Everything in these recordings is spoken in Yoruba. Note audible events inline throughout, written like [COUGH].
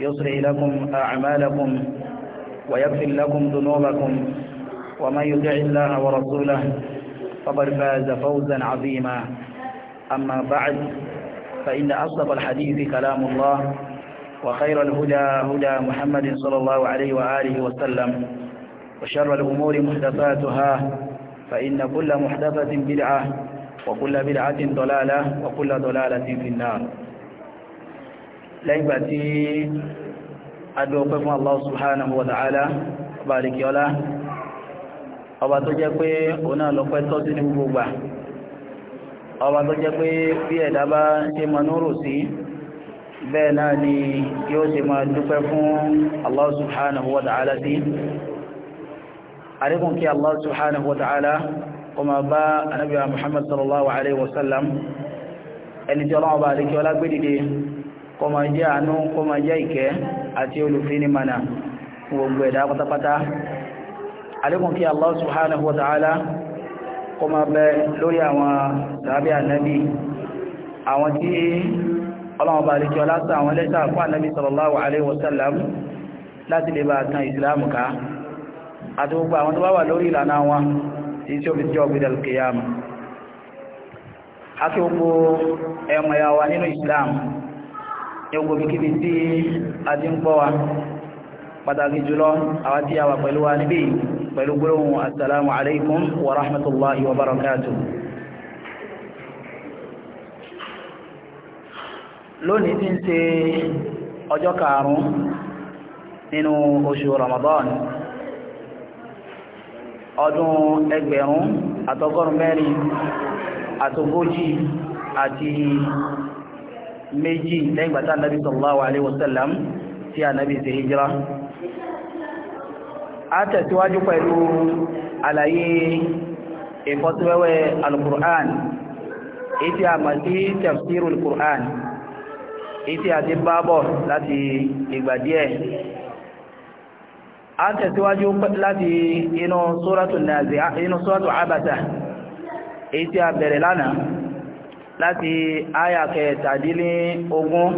يصلح لكم أعمالكم ويغفر لكم ذنوبكم ومن يطع الله ورسوله فقد فاز فوزا عظيما أما بعد فإن أصدق الحديث كلام الله وخير الهدى هدى محمد صلى الله عليه وآله وسلم وشر الأمور محدثاتها فإن كل محدثة بدعة وكل بدعة ضلالة وكل ضلالة في النار lẹ́yìn ìgbà tí adúpẹ́ fún Allah subhanahu wa ta'ala ọba àríkíọ́lá ọba tó jẹ́ pé òun náà lọ́pẹ́ tọ́ sí ní gbogbo gbà ọba tó jẹ́ pé bí ẹ̀dá bá ṣe mọ núrò sí bẹ́ẹ̀ náà ni yóò ṣe máa dúpẹ́ fún Allah subhanahu wa ta'ala sí àríkùn kí Allah subhanahu wa ta'ala ọmọ bá anábíwá Muhammad sallallahu alaihi wasallam ẹni tí ọlọ́wọ́ bá àríkíọ́lá gbé dìde kọmọ jẹ́ àánú kọmọ jẹ́ ìkẹ́ àti olùfinimana gbogbo ẹ̀dá pátápátá alékùn kí Allah subhanahu wa ta'ala kọmọ bẹ lórí àwọn sàábí ànábì àwọn tí ọlọ́wọ́ bá lè kí ọlá àwọn lẹ́sà fún ànábì sallallahu alaihi wasallam láti lè bá tan ìsìlámù ká àti gbogbo àwọn tó bá wà lórí ìlànà wọn tí ní ogun kíkí tí a ti ń pọ́ wa pàtàkì jùlọ àwọn tí a wà pẹ̀lú wa níbí pẹ̀lú gbóhùn assalamu alaikum wa rahmatullahi wa barakatuh lónìí tí ń ṣe ọjọ́ karùn-ún nínú oṣù ramadan ọdún ẹgbẹ̀rún àtọgọ́rùn mẹ́rin àtogójì àti méjì lẹ́yìn gbàtà nàbí sallallahu alaihi wasallam tí a nàbí ṣe hijira a tẹ̀síwájú pẹ̀lú àlàyé ìfọ́síwẹ́wẹ́ al-Qur'an ìtí a mọ̀ sí tafsirul Qur'an ìtí a ti bábọ̀ láti ìgbà díẹ̀ a tẹ̀síwájú láti inú sóràtù Nazi'at ìtí a bẹ̀rẹ̀ lánàá láti àyà kẹtàdínlé ogún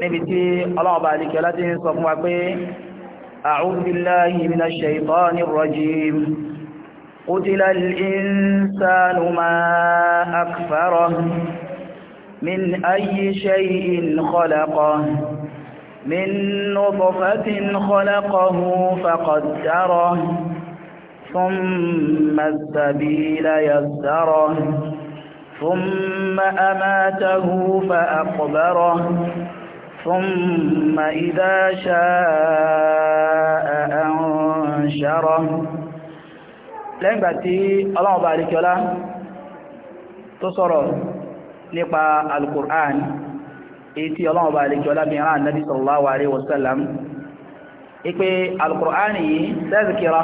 níbi tí ọlọ́run bá dìkẹ́ láti ń sọ fún wa pé a'udhu billahi minash shaytanir rajim قتل الإنسان ما أكفره من أي شيء خلقه من نطفة خلقه فقدره ثم السبيل يسره ثم أماته فأقبره ثم إذا شاء أنشره lẹ́yìn gbà tí ọlọ́run bá àríkíọlá tó sọ̀rọ̀ nípa al-Qur'an èyí tí ọlọ́run bá àríkíọlá bí rán Nabi sallallahu alaihi wasallam ipé al-Qur'an yìí tazkira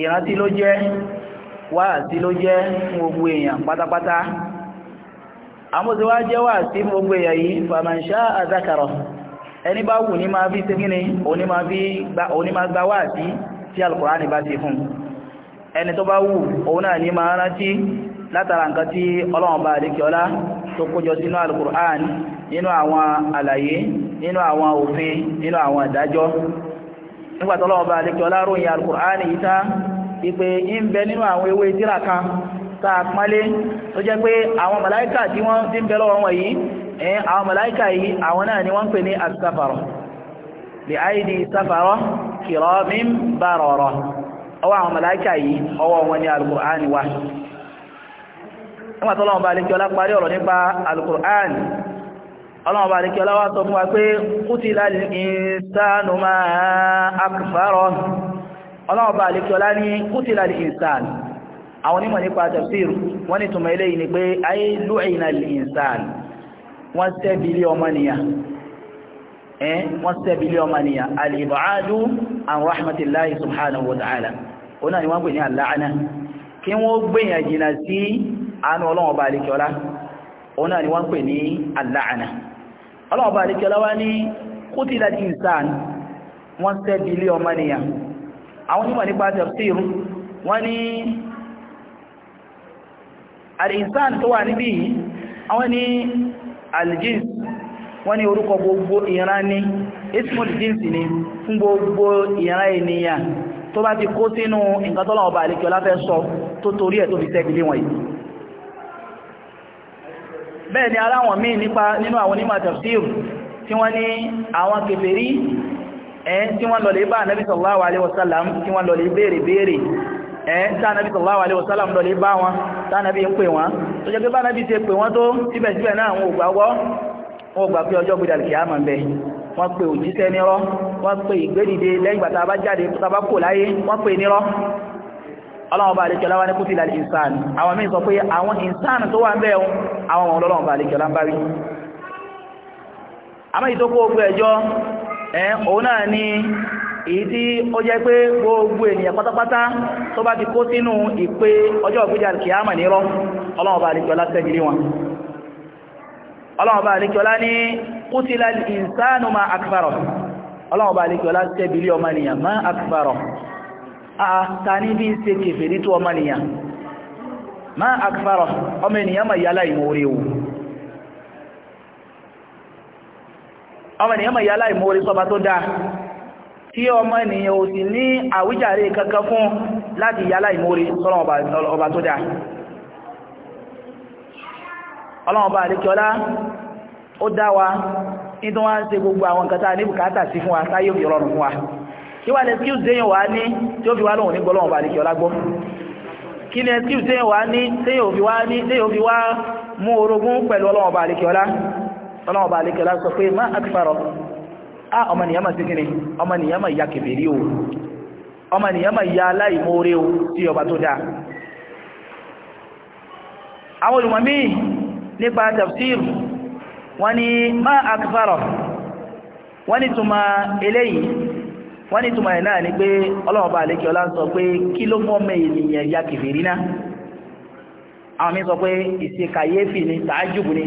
ìrántí ló jẹ́ wáàsí ló jẹ́ fún gbogbo èèyàn pátápátá àmúti wá jẹ́ wáàsí fún gbogbo èèyàn yìí fàmàṣá àzákàrọ̀ ẹni bá wù ní máa fi ségíní òní máa gba wáàsí tí alkùránì bá ti fún ẹni tó bá wù òun náà ní máa rántí látara nǹkan tí ọlọ́run bá àdékẹ́ ọlá tó kójọ sínú alkùránì nínú àwọn àlàyé nínú àwọn òfin nínú àwọn ìdájọ́ nígbàtọ́lọ́run bá àdékẹ́ ọlá ròyìn alkùránì yìí tán ìpè ń bẹ nínú àwọn ewé tíra kan tá a pọ́nlé tó jẹ́ pé àwọn màláíkà tí wọ́n ti ń bẹ lọ́wọ́ wọn yìí ẹ̀ àwọn màláíkà yìí àwọn náà ni wọ́n pè ní asáfàrọ̀ lè àìdí sáfàrọ̀ kìrọ̀ mi ọwọ́ àwọn màláíkà yìí ọwọ́ wọn ni alukur'an wa ọlọ́ọ̀bá àlékiọlá ní kútìlá al-insan àwọn onímọ̀ nípa tafsir wọ́n ní túnmọ̀ ilé yìí ni pé ayé lóìnà al-insan wọ́n sẹ́bílé ọmọnìyà al-ib'adu an rahmatillahi subhanahu wa ta'ala ọ̀nà ni wọ́n pè ní al-la'na kí wọ́n gbèyàn jìnà sí ọmọnìyà àwọn onímọ̀ nípa tafsir wọ́n ní al-insan tó wà níbí àwọn ní al-jins wọ́n ní orúkọ gbogbo ìran ní ismul jins ni fún gbogbo ìran ènìyàn tó bá ti kó sínú nǹkan tọ́lọ̀ ọba àlekí ọlá sọ tó torí ẹ̀ tó fi tẹ́gbìlé wọ̀nyí bẹ́ẹ̀ ni aláwọn míì nípa nínú àwọn onímọ̀ tafsir tí wọ́n ní àwọn kèfèrí ẹ̀ẹ́n tí wọ́n lọlẹ̀ bá anábì sallallahu alaihi wasallam tí wọ́n lọlẹ̀ béèrè béèrè ẹ̀ẹ́n tí anábì sallallahu alaihi wasallam lọlẹ̀ bá wọn tánábì ń pè wọn tó jẹ́ pé bá anábì ṣe pè wọ́n tó síbẹ̀síbẹ̀ náà wọn ò gbàgbọ́ wọn ò gbà pé ọjọ́ gbé dàlùkì àmà ń bẹ wọ́n pe òjíṣẹ́ nírọ́ wọ́n pe ìgbédìde lẹ́yìn gbàtà bá jáde tàbá kò láyé wọ́n pe nírọ́ ọlọ́run bá àlejò láwá ní ìtókò ogun ẹjọ́ òun náà ni èyí tí ó jẹ́ pé gbogbo ènìyàn pátápátá tó bá ti kó sínú ìpè ọjọ́ ìgbéjà kìámà nírọ́ ọlọ́run bá ní kútìlá ìsánù ma akbarọ̀ ọlọ́run bá àlejò ọmọnìyàn ma akbarọ̀ àà ta ní bí ṣe kèfèrí tó ọmọnìyàn ma akbarọ̀ ọmọ ma yálà ìmòrèwò ọmọ ènìyàn mọ̀ yálà ìmòrí sọba tó dáa tí ọmọ ènìyàn ò sì ní àwíjàre kankan fún láti yálà ìmòrí sọ́lọ́ ọba tó dáa ọlọ́ọ̀bá àríkíọlá ó dá wa ní tó wá ń ṣe gbogbo àwọn nǹkan tá ní bùkátà sí fún wa táyé òfin ọlọ́run fún wa kí wà ní excuse déyàn ní tí ó fi wá lóhun ní gbọ́lọ́ọ̀bá àríkíọlá gbọ́ kí ni excuse déyàn wá ní téyàn ò fi wá mú orogún pẹ̀lú ọlọ́ọ̀bá àríkíọlá ọlọ́wọ́ bá alékẹ́lá sọ pé má akfàrọ̀ ah, ni ya ma síkíní ọmọnìyàn ni ya kèbèrí o ọmọnìyàn ni ya aláìmoore o sí ọba tó dáa àwọn olùmọ̀mí nípa tafsir wọ́n má wọ́n túnmà eléyìí wọ́n túnmà ni pé ọlọ́wọ́ àwọn mi sọ pé ìṣe ni ni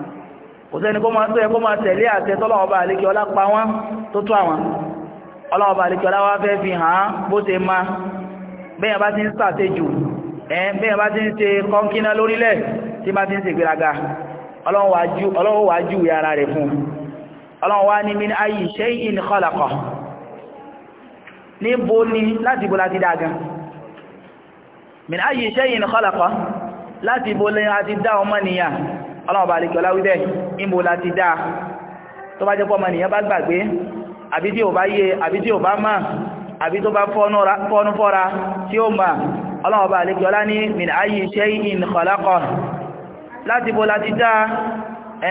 kò sẹ́ni kó máa tó ẹ kó máa tẹ̀lé àṣẹ tọ́lọ́wọ́ bá àlékí ọlá pa wọ́n tó tó àwọn ọlọ́wọ́ bá àlékí ọlá wá fẹ́ fi hàn án bó ṣe ma bẹ́yàn bá ti ń sàtẹ́jù bẹ́yàn bá ti ń ṣe kọ́ńkínà lórílẹ̀ tí bá ti ń ṣe gbéraga ọlọ́ọ̀bà àlejò láwíbẹ̀ ìmò láti dáa tó bá jẹ́ pọ́ mọ̀nìyàn bá gbàgbé àbí tí ò bá yé àbí tí ò bá mọ̀ àbí tó bá fọ́nú fọ́ra tí ó mọ̀ ọlọ́ọ̀bà àlejò lá ní min ayi shay'in khalaqa láti bó láti dáa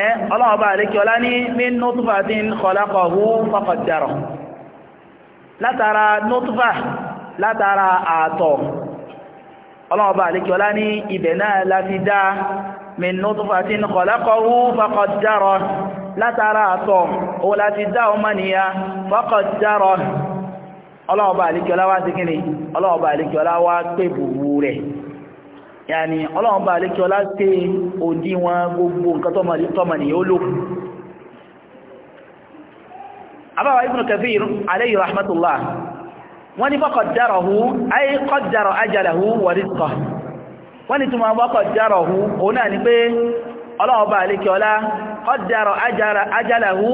ẹ́ ọlọ́ọ̀bà àlejò lá ní min nutfatin khalaqahu faqaddara látara nutfa ní ibẹ̀ náà láti dáa min nutfatin khalaqahu faqaddara látara àtọ̀ òun láti dá ọmọnìyàn faqaddara ọlọ́ọ̀bà àlíkẹ́ọlá wá sí kíni ọlọ́ọ̀bà àlíkẹ́ọlá wá pé bùbù rẹ̀ yàní ọlọ́ọ̀bà àlíkẹ́ọlá pé òdíwọn gbogbo nǹkan tọ́mọnìyàn ó lò àbáwá ibn Kathir alayhi rahmatullah wọ́n ní faqaddarahu ay qaddara ajalahu wa rizqahu wọ́n ni túnmọ̀ wọ́kọ̀ járọ̀ hu òun náà ni pé ọlọ́ọ̀bá alékiọlá ọjárọ̀ ajálahu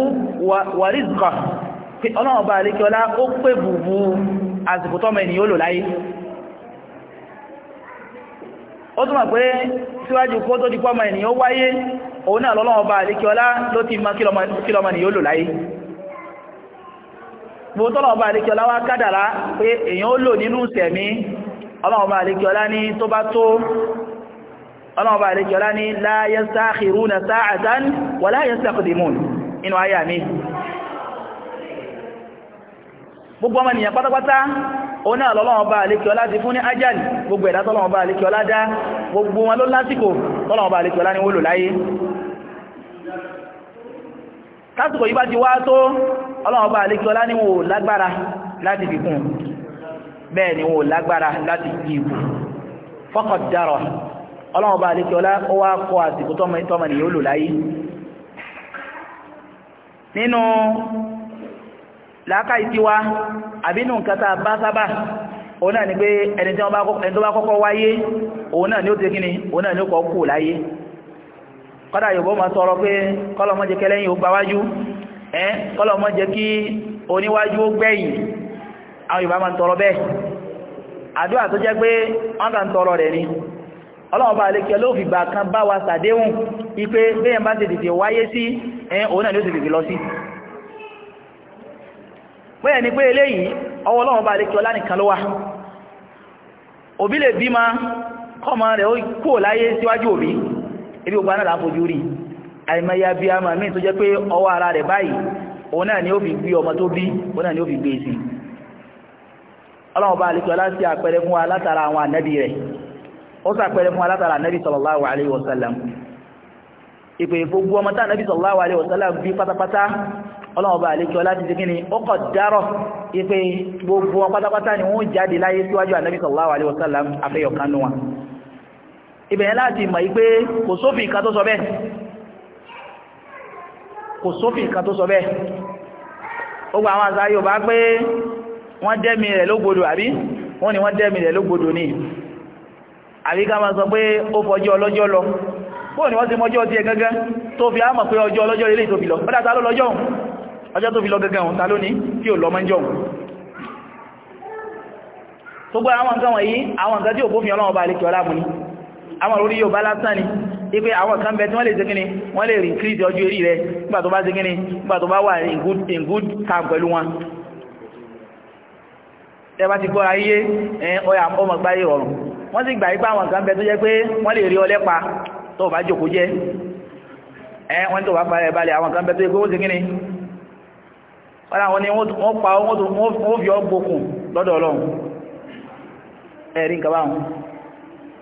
wàrízkọ̀ pé ọlọ́ọ̀bá alékiọlá ó pè bùbù àsìkò ènìyàn lò láyé ó túnmọ̀ pé síwájú kó tó di ènìyàn wáyé òun náà lọ́lọ́ọ̀bá alékiọlá ló ti mọ ènìyàn lò láyé gbogbo tọ́lọ̀ọ̀bá wá kádàrá pé èèyàn ó lò nínú sẹ̀mí ọlọ́ọ̀bá àlejọ́lá ní tó bá tó ọlọ́ọ̀bá àlejọ́lá ní la yastakhiruna sa'atan wa la yastaqdimun inú ayà mi gbogbo ọmọ ènìyàn pátápátá òun náà lọ́lọ́ọ̀bá àlejọ́lá ti fún ní ajal gbogbo ẹ̀dá tọ́lọ́ọ̀bá àlejọ́lá dá gbogbo wọn ló lásìkò tọ́lọ́ọ̀bá àlejọ́lá ní wọ́lò láyé tásìkò yí bá ti wá bẹ́ẹ̀ ni wọ́n lágbára láti ìbò fọ́kọ̀ dárọ̀ ọlọ́run bá alékẹ́ ọlá ó wá ni yóò lò láyé nínú làákà ìtiwa àbínú nkata bá sábà òun náà ni pé ẹni tó bá kọ́kọ́ wáyé òun náà ni ó ti òun ni ó kọ́ láyé kọ́dà yóò bọ́ ma pé kọ́lọ́mọ́ ó gbáwájú ẹ́ àwọn Yorùbá máa ń tọrọ bẹ́ẹ̀ àdúrà tó jẹ́ pé wọ́n kà ń tọrọ ni ọlọ́ọ̀bá alékẹ́ ló fi gbà kan bá wa sàdéhùn ipé bẹ́yẹn bá ti dìde wáyé sí ẹ̀yìn òun náà ló ti dìde lọ sí bẹ́ẹ̀ ni pé eléyìí ọwọ́ ọlọ́ọ̀bá alékẹ́ ọlá ma rẹ̀ láyé síwájú òbí gbé ọmọ tó bí ọlọ́run bá alìkọ́ láti àpẹẹrẹ fún wa látara àwọn ànábì rẹ̀ ó sàpẹẹrẹ fún wa látara ànábì sallallahu alaihi wasallam ìpè gbogbo ọmọ tá ànábì sallallahu alaihi wasallam bí pátápátá ọlọ́run bá alìkọ́ láti ṣe kíni ó kọ̀ dárọ̀ ìpè gbogbo wọn pátápátá ni wọ́n jáde láyé síwájú ànábì sallallahu alaihi wasallam afẹ́yọ̀kánu wa ìbẹ̀yẹn wọ́n dẹ́mi rẹ̀ lógbodò àbí wọ́n ní wọ́n dẹ́mi rẹ̀ lógbodò ní àbí ká máa sọ pé ó fọjọ́ ọlọ́jọ́ lọ bóò ni wọ́n ti mọjọ́ ti ẹ gángan tó fi ámọ̀ pé ọjọ́ ọlọ́jọ́ ilé tó fi lọ ọ́dá ta ló lọ́jọ́ ọjọ́ tó fi lọ gángan ọ̀ta lónìí tí ò lọ mọ́jọ́ tó gbọ́ àwọn nǹkan wọ̀nyí àwọn nǹkan tí ò bófin ọlọ́wọ́ bá lè kí ọlá mú ni àwọn orí yóò bá lásán ni ipe àwọn kan bẹ tí wọ́n lè ṣe kíni wọ́n lè rí increase ọjọ́ orí rẹ̀ nígbà tó bá ṣe kíni nígbà tó bá wà in good in good time pẹ̀lú wọn tẹ́bá ti kóra yé ọya ọmọ gbáyé ọ̀rùn wọ́n sì gbà ipá àwọn nǹkan bẹ tó jẹ́ pé wọ́n lè rí ọlẹ́pa tó bá jòkó jẹ́ wọ́n tó bá fara ìbalẹ̀ àwọn nǹkan bẹ tó jẹ́ pé ó ti kíni wọ́n láwọn ni wọ́n pa wọ́n fi ọgbókùn lọ́dọ̀ ọlọ́run ẹ̀rí nǹkan báwọn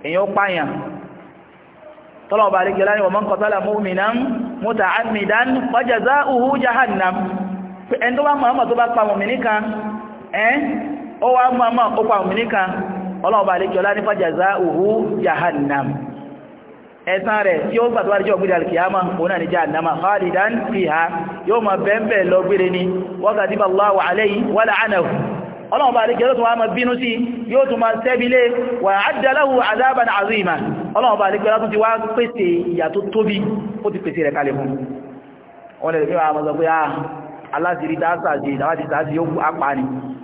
èèyàn pààyàn tọ́lọ̀ uhu jahannam ẹni tó bá mọ̀ ọmọ tó ó wá mọ́ àmọ́ ó pa òmìnir kan ọlọ́ọ̀bá àlékiọlá ní fàjàzá òhú jahannam ẹ̀san rẹ̀ tí ó gbàtọ́wà jẹ́ ọgbìdà alkiyama òun náà ni jahannama khalidan fiha yóò máa bẹ́ẹ̀bẹ̀ lọ gbére ni wákàtí bá Allahu alayhi wa la'anahu ọlọ́ọ̀bá àlékiọlá tó wá máa bínú sí yóò tún máa sẹ́bílé wa a'adda lahu 'adaban 'azima ọlọ́ọ̀bá àlékiọlá tó ti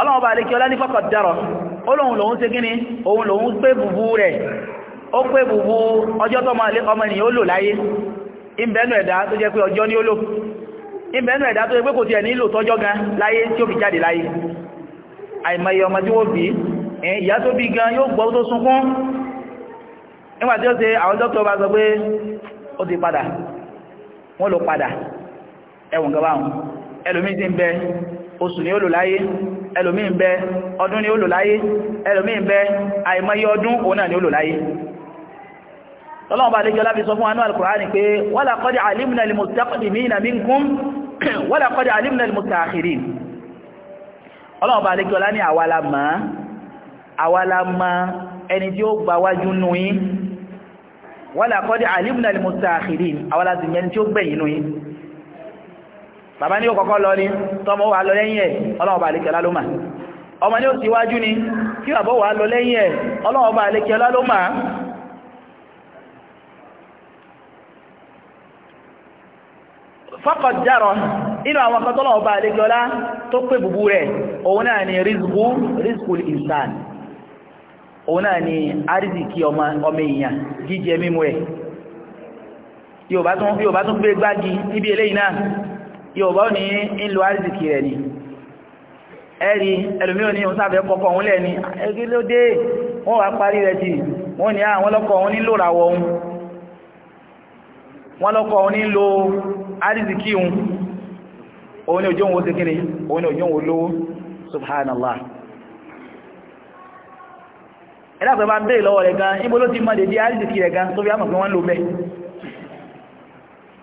ọlọ́wọ́ bá alékí ọlá ní fọ́kọ̀ dárọ̀ olóhun lòun ṣe gíní ohun lòun pé bùbú rẹ̀ ó pé bùbú ọjọ́ tó máa lé ọmọ ènìyàn ó lò láyé ìbẹ̀nù ẹ̀dá tó jẹ́ pé ọjọ́ ní ó lò ìbẹ̀nù ẹ̀dá tó jẹ́ pé kò tiẹ̀ nílò tọ́jọ́ gan láyé tí ó fi jáde láyé oṣù ni ó lò láyé ẹlòmí ń bẹ ọdún ni ó lò láyé ẹlòmí ń bẹ àìmọye ọdún òun náà ni ó lò láyé tọ́lọ́ọ̀bá lẹ́jọ́ láti sọ fún anú alkùránì pé wọ́lá kọ́dí alìmìnà alìmìnà minkum wọ́lá kọ́dí alìmìnà alìmùtàkìrì ọlọ́ọ̀bá bàbá ní òkọ̀kọ́ lọ ní tọmọ wà lọ lẹ́yìn ẹ̀ ọlọ́ọ̀bà àlékẹ́lá ló ọmọ ní ó ti wájú ni kí bàbá wà lọ lẹ́yìn ẹ̀ ọlọ́ọ̀bà àlékẹ́lá ló mà faqad inú àwọn akọ́tọ́lọ́ọ̀bà àlékẹ́lá tó pé ni ni yóòbá ní ìlú àrísìkì rẹ̀ ni ẹ̀rí ẹlòmí òní òun sáfẹ́ kọkọ òun lẹ́ni ẹgbẹ́ ló dé wọ́n wá parí rẹ̀ ti wọ́n ní àwọn ah, lọ́kọ̀ òun nílò ràwọ̀ òun wọ́n lọ́kọ̀ òun nílò àrísìkì òun òun ni òjò òun ó kékeré òun ni òjò òun lówó gan gan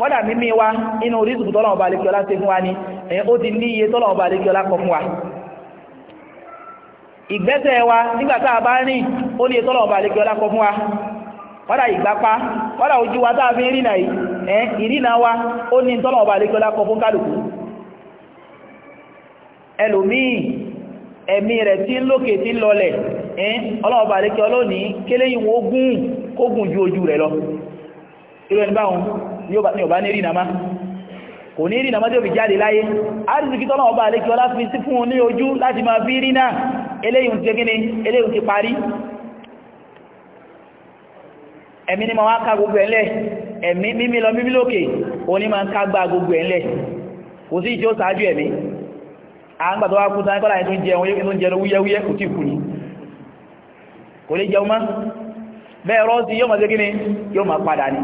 kọ́dà mímí wa inú orísìkú tọ́lọ̀ ọba àlekíọ́lá ni ó ti ní iye tọ́lọ̀ ọba kọ fún wa ìgbésẹ̀ wa nígbà tá a bá ó ní iye tọ́lọ̀ ọba kọ fún wa kọ́dà wa tá a fi ìrìnà wa ó ní tọ́lọ̀ ọba kọ fún kálukú ẹlòmíì ẹ̀mí rẹ̀ ń lókè ní ọba ní rí nàmá kò ní rí nàmá tí ó fi jáde láyé arìsìkí tọ́nà ọba àlékí ọlá fi sí fún ní ojú láti máa fi rí náà eléyìn ti gíní eléyìn ti parí ẹ̀mí ni ma wá ká gbogbo ẹ̀lẹ́ ẹ̀mí mímí lọ mímí lókè òní ma ń ká gbá gbogbo ẹ̀lẹ́ kò sí ìjọ sáájú ẹ̀mí àgbà tó wá kú sáyẹ́ kọ́lá ẹ̀tún jẹun wúyẹ́wúyẹ́ kò yóò mọ̀ sí gíní yóò mọ̀ padà ní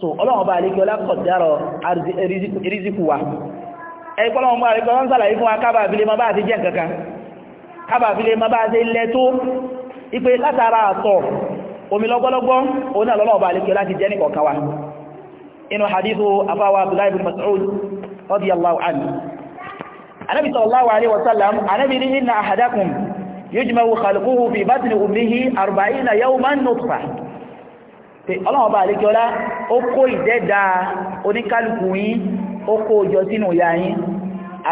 so ọlọ́wọ́n bá alékẹ́ ọlákọ̀dárọ̀ rízíkù wa ẹgbọ́lọ́wọ́n bá alékẹ́ ọlọ́n sàlàyé fún wa kábà fílé ma bá ti jẹ́ kankan kábà fílé ma bá ti lẹ́ tó ipé látara àtọ̀ omi lọ́gbọ́lọ́gbọ́ òun náà lọ́wọ́ bá alékẹ́ láti jẹ́ nìkọ̀ọ̀kan wa inú hadithu afáwa abdullahi ibn mas'ud radiyallahu anhu anabi sallallahu alaihi wasallam anabi ni inna ahadakum yujma'u khalquhu fi batni ummihi 40 yawman nutfah ọlọ́wọ́n bá àríkẹ́ọ́lá ó kó ìdẹ́dà oníkálùkù yín ó kó ìjọ sínú ìyá yín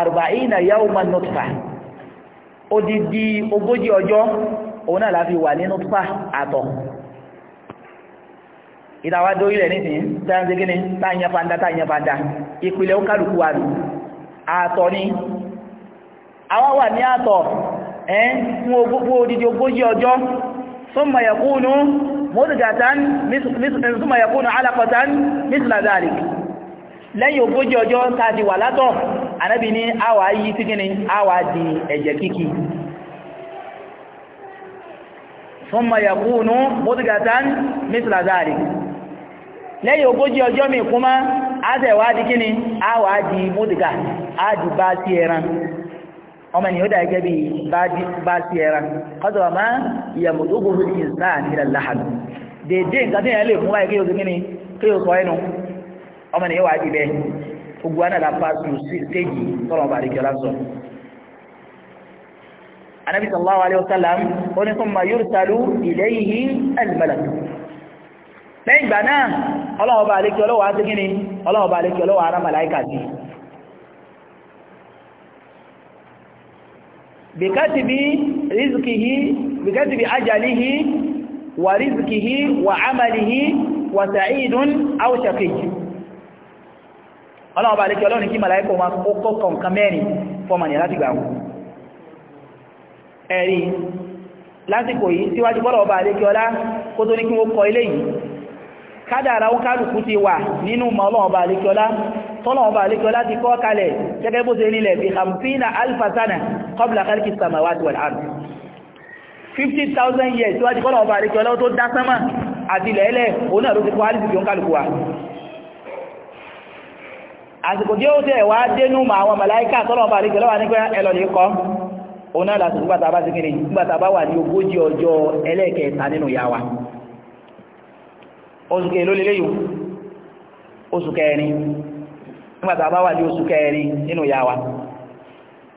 arba'ina yawman nutfa di ogójì ọjọ́ òun náà láfi wà ní nutfa àtọ̀ ìdáwà dórí rẹ̀ nísìn tẹ́rẹ́sẹ́gínní táyẹ fanda táyẹ fanda ìpìlẹ̀ ó kálùkù wà ní àtọ̀ ni àwọn wà ní àtọ̀ ẹ́ fún odidi ogójì ọjọ́ mudgatan thumma yakunu alaqatan mithla dhalik lẹ́yìn ogójì ọjọ́ tàbí wà látọ̀ anábi ní àwà yí tí gíní àwà di ẹ̀jẹ̀ kíkì thumma yakunu mudgatan mithla dhalik lẹ́yìn ogójì ọjọ́ mi kúmá àtẹ̀wà di gíní àwà di mudga àdìbá ọmọ ènìyàn dà gẹ́gẹ́ bí bá sí ẹran ọ̀sọ̀ ọ̀mọ́ ìyàmù tó gbogbo ní ìsàn ìlà láhàlú dèdè nǹkan tí èèyàn lè mú wáyé kí o sì kíni kí o sọ ẹnu ọmọ ènìyàn wà á di bẹ́ẹ̀ gbogbo àná la fa tu séjì tọ́lọ̀ bá àdìgbò lásọ. anabi sallallahu alayhi wa sallam ó ní summa yursalu ilayhi al-malak lẹ́yìn ìgbà náà ọlọ́wọ́ bá àdìgbò lọ́wọ́ á sí kíni ọlọ́wọ́ bá àdìgbò lọ́wọ́ بكتب رزقه بكتب أجله ورزقه وعمله وسعيد أو شقي ọlọ́wọ́ bá lékẹ́ ọlọ́rin kí màláíkọ̀ ma kọ́kọ́ kọ̀ǹkan mẹ́rin fọ́mànì láti gbà wọn ẹ̀rí lásìkò yìí síwájú bọ́lọ̀ bá lékẹ́ ọlá kó tó ní kí wọ́n kọ ilé yìí kádàrà ó kálùkú ti wà nínú mọ́lọ́ọ̀bà àlékiọlá tọ́lọ̀ọ̀bà àlékiọlá ti kọ́ kalẹ̀ gẹ́gẹ́ bó ṣe nílẹ̀ bí hamsina alfasana kọbla years wájí kọ́lọ̀ọ̀bà àlékiọlá tó dá sánmà àti lẹ́lẹ̀ òun náà ló ti wa àsìkò tí ó tẹ̀ wá dénú ma àwọn màláíkà tọ́lọ̀ọ̀bà àlékiọlá wà nípa ẹlọ́lẹ̀ kọ́ òun náà lásìkò gbàtà bá sí kìnnì gbàtà wà ní ogójì ọjọ́ ẹlẹ́ẹ̀kẹta nínú yàwá oṣù kẹrin ló lélẹ́yìn oṣù kẹrin nígbàtà bá wà ní oṣù kẹrin nínú ìyá wa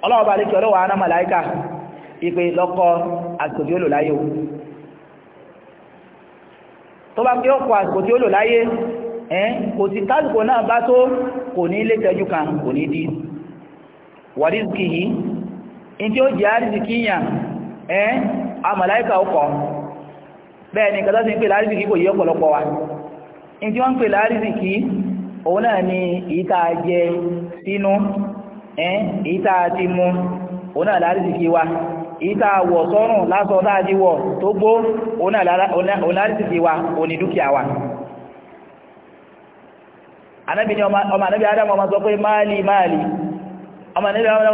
ọlọ́ọ̀bá lè kí ọlọ́wà aná màláíkà ipe lọ́kọ́ àsìkò tí ó lò o tó bá kí ọkọ̀ àsìkò tí ó lò láyé kò náà bá tó kò ní bẹ́ẹ̀ ni kàtà sí ń pè lárísìkí kò yí ọ̀pọ̀lọpọ̀ wa in tí wọ́n ń pè lárísìkí òun náà ni ìta jẹ sínú ìta ti mú òun náà lárísìkí wa ìta wọ̀ sọ́rùn lásọ táàdí wọ̀ tó gbó òun náà lárísìkí wa òun ni dúkìá wa anábì ni ọmọ anábì adam ọmọ sọ pé máàlì máàlì ọmọ anábì adam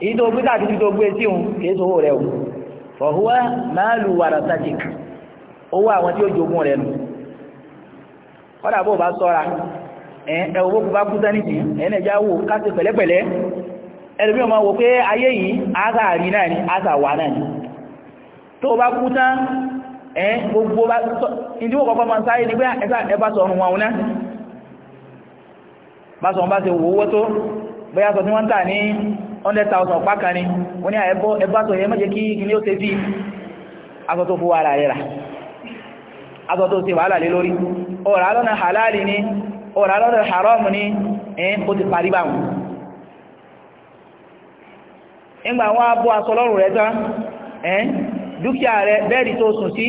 èyí tó gbé tàbí tó gbé sí òun kìí sówó rẹ o fọwọ́ máàlù wàrà sadiq owó àwọn tí ó jogún rẹ nù kọ́dà bó bá sọ́ra ẹ̀wọ̀ gbogbo bá kú sánìtì ẹ̀nà ìjà wò káṣe pẹ̀lẹ́pẹ̀lẹ́ ẹlùmí ọmọ wò pé ayé yìí àṣà àrí náà ni àṣà wà náà ni tó bá kú tán ẹ̀ gbogbo bá ìdíwò kọ́kọ́ máa sáré ní pé ẹbá sọ̀rùn wọn náà bá sọ̀rùn bá ṣe wòówó tó bóyá sọ tí wọ́n ń tà ní 100,000 thousand wọ́n ní ah, ẹbá tó yẹ mọ́jẹ́ kí ilé ó ṣe sí aṣọ tó fún wàhálà rẹ̀ rà aṣọ tó ṣe wàhálà lórí ọ̀rà halali ni ọ̀rà lọ́nà haram ni ẹ̀yìn ó ti parí bá wọn wọn bọ́ aṣọ lọ́rùn rẹ̀ tán ẹ̀yìn dúkìá rẹ̀ bẹ́ẹ̀dì tó sùn sí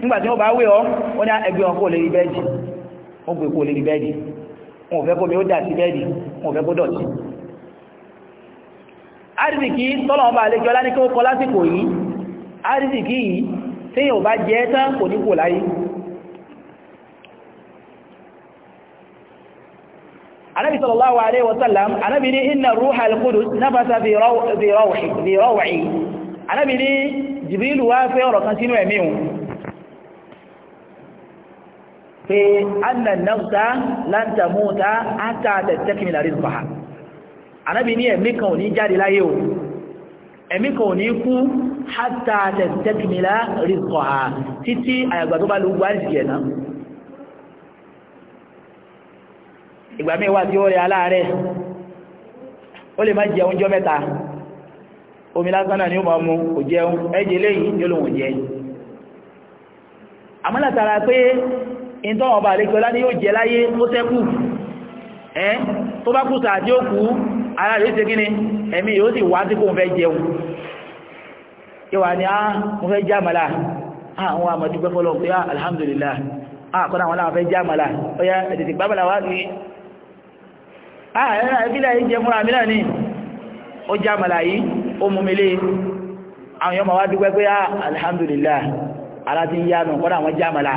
nígbà ọ wọ́n ní ah, kò àrísìkí tọ́lọ̀ ọba àlejò ọlá ní kí ó kọ lásìkò yìí àrísìkí yìí tí yíò bá jẹ́ tán kò ní kò láyé anábi sallallahu alaihi wasallam anábi ní inna ruha al-qudus nafasa fi rawhi anábi ní jibilu wá fẹ́ ọ̀rọ̀ anábi ní ẹ̀mí kan ò ní jáde láyé o ẹ̀mí kan ò ní kú hátà tẹ̀tẹ̀kìmìlá rizkọ̀ ha títí àyàgbà tó bá lù gbá ìsìkẹ̀ ni ó máa mú kò jẹun ẹjẹ lẹ́yìn ní olóhùn jẹ àmọ́látara pé ìtọ́wọ̀n ọba àlékọ́lá ni yóò jẹ láyé ó sẹ́kù ẹ́ tó bá kùsà àti ó kú ara rẹ̀ ṣe kíni ẹ̀mí yóò sì wá sí kó fẹ́ jẹun yíwa ni ah mo fẹ́ jámàlá àwọn àmàdúgbẹ́ fọ́lọ̀ pé ah, alhamdulillah àkọ́nà ah, àwọn aláwọ̀ fẹ́ jámàlá ọya ẹ̀tẹ̀tẹ̀ gbábàlá wá ní ààrẹ ah, ìbílẹ̀ ìjẹ múra mílẹ̀ ní ó jámàlá yìí ó mú mílé àwọn yọmọ wá dúgbẹ́ pé alhamdulillah ara ti yánu kọ́nà àwọn jámàlá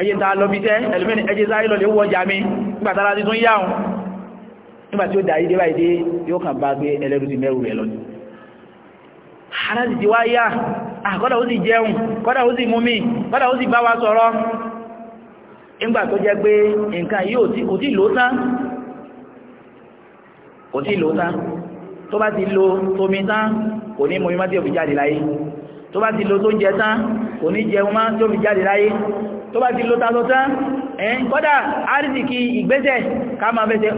ẹjẹ́ ta lọ bí tẹ́ ẹlùmẹ́ni ẹjẹ́ sáré lọ lè wọ ọjà mi nígbàtàrà ti tún yáhùn nígbàtí ó dà ìdé báyìí dé yóò kàn bá gbé ẹlẹ́rù ti mẹ́rù rẹ̀ lọ ní ara sì ti wá yá kọ́dà ó sì jẹun kọ́dà ó sì mú mi kọ́dà ó sì bá wa sọ̀rọ̀ nígbà tó jẹ́ pé nǹkan yìí kò tí lò tán kò tí lò tán tó bá ti lo tómi tán kò ní mọ mi má tí ò fi jáde láyé tó bá ti lo tó ń jẹ tán kò ní jẹun má tí ò fi jáde láyé tó bá ti ló ta lọ́tán ẹ̀yìn kọ́dà àrísìkí ìgbésẹ̀ ká máa fẹ́sẹ̀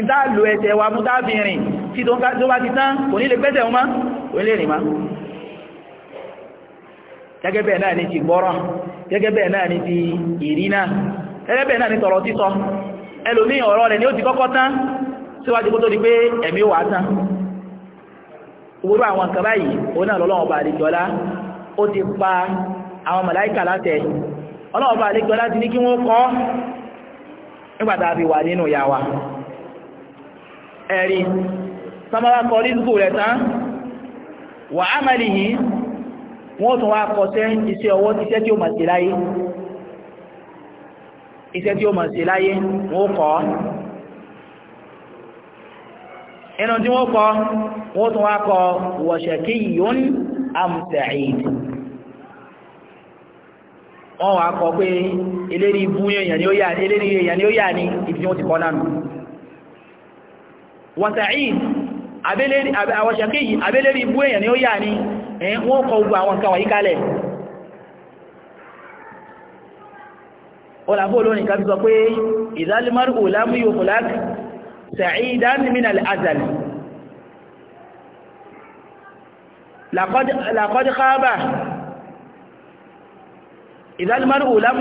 ìta lò ẹsẹ̀ wa mú táàfin rìn tí tó bá ti tán kò ní lè gbẹ́sẹ̀ wọn má kò ní lè rìn má gẹ́gẹ́ bẹ́ẹ̀ náà ni ti gbọ́rọ̀ gẹ́gẹ́ bẹ́ẹ̀ náà ni ti ìrìnà gẹ́gẹ́ bẹ́ẹ̀ náà ni tọ̀rọ̀ títọ́ ẹlòmí ọ̀rọ̀ rẹ̀ ni ó ọlọ́ọ̀bá àlejò láti ní kí wọ́n kọ́ nígbàtà àfi wà nínú ìyá wa ẹ̀rí sọmọ́wá kọ rízùkú rẹ̀ tán wà á mẹ́lì yìí wọ́n tún wá kọsẹ́ iṣẹ́ ọwọ́ iṣẹ́ tí ó mọ̀ sí láyé iṣẹ́ tí ó mọ̀ sí láyé wọ́n kọ́ ẹnu tí wọ́n kọ́ wọ́n tún wá kọ wọ̀ṣẹ̀kí yìí wọ́n wàá kọ pé eléri ibú èèyàn ni ó yà ni eléri èèyàn ni ó yà ni ibi tí wọ́n ti kọ́ náà nù. wọ̀sàáyìn àwọn ṣàkéyì abéléri ibú èèyàn ni ó yà ni wọ́n kọ gbogbo àwọn nǹkan wọ̀nyí kalẹ̀. olàbó olórin kan sọ pé ìdálímọ́rù òlámù yóò fòlák sàídán minal azal làkọ́dí káábà إذا المرء لم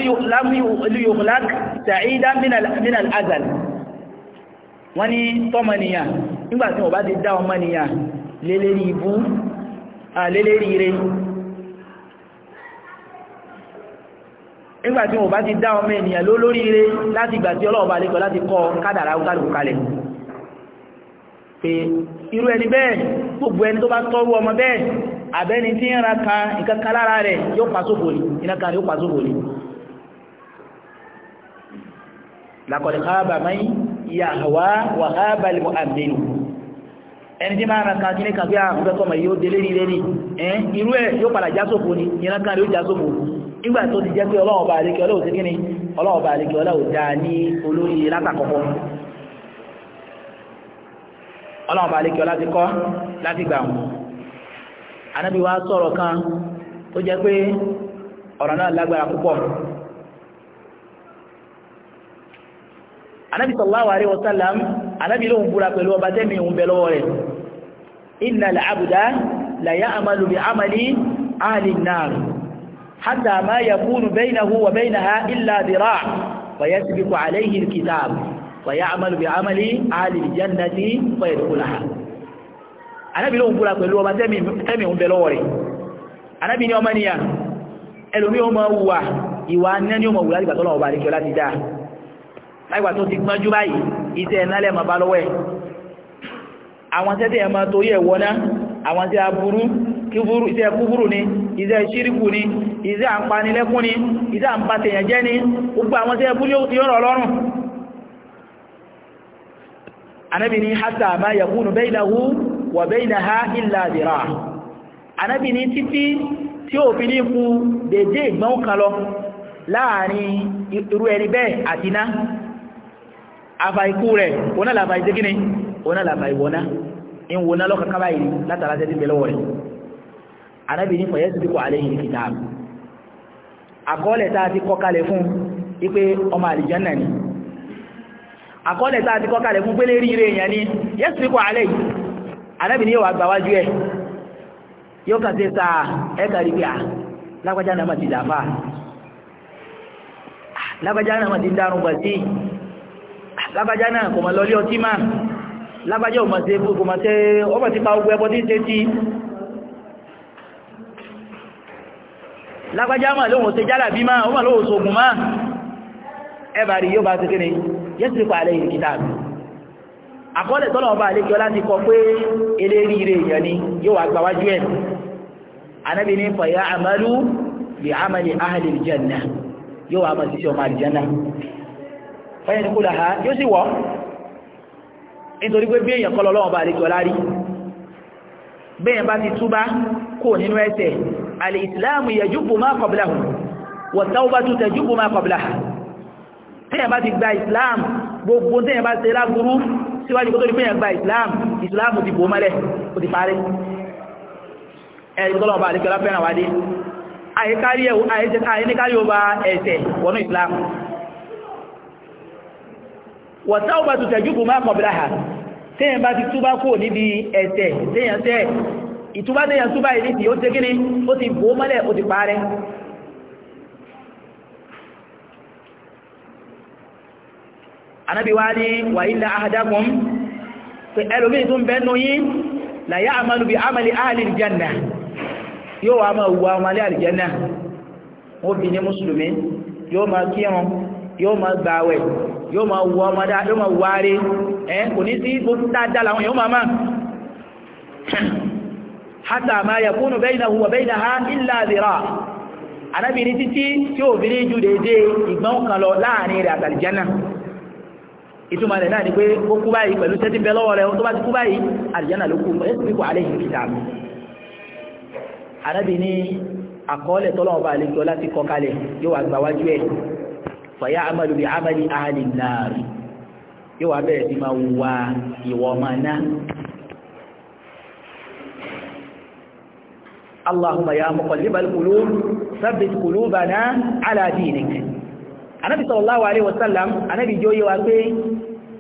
يغلق سعيدا من الأزل wọ́n ní tọ́mọnìyàn nígbàtí wọ́n bá ti dá ọmọnìyàn lélẹ́rí ibú lélẹ́rí ire nígbàtí wọ́n bá ti dá ọmọ ènìyàn ló lórí ire láti gbàtí ọlọ́ọ̀bá lẹ́kọ̀ọ́ láti kọ́ kádàrá kálùkù kalẹ̀ pé irú ẹni bẹ́ẹ̀ gbogbo ẹni tó bá tọ́rú ọmọ bẹ́ẹ̀ àbẹ́ni tí ń ra ka nǹkan kan lára rẹ̀ yóò pàṣókò ní iná kan yóò pàṣókò ní laqad khaba man yahwa wa khaba al-mu'ammil ẹni tí máa ra ka kí ah, ní kàfí àkùnkẹ́kọ́ mọ̀ yóò délé rí lẹ́ni irú ẹ̀ yóò padà jásòfò ní iná kan yóò jásòfò nígbà tó ti jẹ́ pé ọlọ́wọ́ bá àríkẹ́ ọlọ́wọ́ sí kí ni ọlọ́wọ́ ọlá ti kọ́ láti gbà wọn anábì wa sọ̀rọ̀ kan tó jẹ́ pé ọ̀rọ̀ náà lágbára púpọ̀ anábì sallallahu alaihi wasallam anábì lóhun búra pẹ̀lú ọba tẹ́mi òun bẹ lọ́wọ́ rẹ̀ innal abda la ya'malu bi amali ahli an-nar hatta ma yakunu bainahu wa bainaha illa dhira' wa yasbiqu alayhi al-kitab wa ya'malu bi amali ahli al-jannati fa yadkhulaha anábì ló ń búra pẹ̀lú ọba tẹ́mì ń bẹ lọ́wọ́ rẹ̀ anábì ní ọmọ níyà ẹlòmí ó máa wùwà ìwà ní ẹni ó máa wù láti gbàtọ́lọ̀ ọba àríkẹ́ láti dáa láìgbà tó ti pọ́njú báyìí iṣẹ́ ẹ̀nálẹ̀ máa bá lọ́wọ́ ẹ̀ àwọn tẹ́tẹ́ ẹ̀ máa torí ẹ̀ wọ́ná àwọn tẹ́ aburú kíburú iṣẹ́ kúburú ni iṣẹ́ ṣíríkù ni iṣẹ́ àǹpanilẹ́kún ni iṣẹ́ àǹpatẹ̀yànjẹ́ ni gbogbo àwọn tẹ́ ẹbú yóò rọ̀ lọ́rùn anábì ní hasa ma yakunu baylahu wa bainaha illa dira' anábì ní títí tí ó fi ní kú dédé ìgbọ́n kan lọ láàrin irú ẹni bẹ́ẹ̀ àti iná àfàìkú rẹ̀ oná làbà ìdíkíní oná làbà ìwọ̀ná in wọ̀ná lọ́kàn kábà yìí látara tẹ́tí bẹ̀lọ́wọ̀ rẹ̀ anábì ní fọ̀yẹ́sì tí kò alẹ́ yìí kìtà àkọọ́lẹ̀ tá a ti anábì ní yóò wá gba wájú ẹ̀ yóò kàn ṣe sáà ẹ̀ kàrí pé à ah, lágbájá náà mà ti dàfà ah, lágbájá náà mà ti dárun gbà sí ah, lágbájá náà kò mọ̀ lọ́lé ọtí máa lágbájá ò mọ̀ sí kò mọ̀ sí ọmọ ti pa ogun ẹbọ tí ń ṣe tí lágbájá máa lóhun ṣe jálà bí máa ó máa lóhun ṣogun máa ẹbàrí yóò bá ṣe kí ni yẹ́sì pàálẹ̀ ìkìtàbí àkọọ́lẹ̀ tọ́lọ̀ ọba àlejò láti kọ pé eléri ire èèyàn ni yóò wá gbàwájú ẹ̀ anábì ní fàyà àmàlú bí àmàlì ahli aljanna yóò wá mọ̀ sí ọmọ àlìjánà fẹ́yìn kú làhá yóò sì wọ́ nítorí pé bí èèyàn kọlọ lọ́wọ́ bá àlejò lárí bẹ́yẹn bá ti túbá kò nínú ẹ̀ṣẹ̀ al-islamu yajubu ma qablahu wa tawbatu tajubu tẹ́yẹ̀ bá ti gba islam gbogbo tẹ́yẹ̀ bá ti lágbúrú síwájú kó tó di pé yẹn gba islam islam ti bò mọ́lẹ̀ ó ti parí ẹ̀rí tọ́lọ̀ ọba àdíkẹ́lá fẹ́ràn wádé àyíkárí ọba ẹ̀sẹ̀ wọnú islam wọ̀tá ọba tó tẹ̀júkù máa kọ̀bìlá ha tẹ́yẹn bá ti túbá kò níbi ẹ̀sẹ̀ tẹ́yẹn tẹ́ ìtúbá tẹ́yẹn túbá ìrìsì ó tẹ́kíní ó ti bò mọ́lẹ̀ ó ti parí anábi wá ní wà ilẹ̀ ahadakum pé ẹlòmíì tún bẹ́nu yí láyá àmàlù bí àmàlì ahli aljanna yóò wá máa wù àmàlì aljanna wọ́n bí ní mùsùlùmí yóò máa kírun yóò máa gbàwẹ̀ yóò máa wù ọmọdá yóò máa wárí ẹ kò ní sí gbogbo dáadáa làwọn yóò máa máa hátà máa yakunu bainahu wa bainaha illa zira anábìnrin títí tí ò ní ju dédé ìgbọ́n kan lọ láàrin rẹ̀ àtàlìjánà ìtumọ̀ rẹ̀ náà ni pé ó kú báyìí pẹ̀lú tẹ́tí bẹ lọ́wọ́ rẹ̀ tó bá ti kú báyìí àlìjánà ló kú ẹ̀sìnkú àléhìn kìtà arábì ní àkọọ́lẹ̀ tọ́lọ́wọ́ bá lè jọ láti kọ kalẹ̀ yóò wà gbà wájú ẹ̀ fàyà amalu bi amali ahli nar yóò wà bẹ̀rẹ̀ sí máa wà ìwọ̀ máa ná Allahumma ya muqallibal qulub thabbit qulubana ala dinik Ànábì sallallahu alaihi wasallam Ànábì joyi wa pé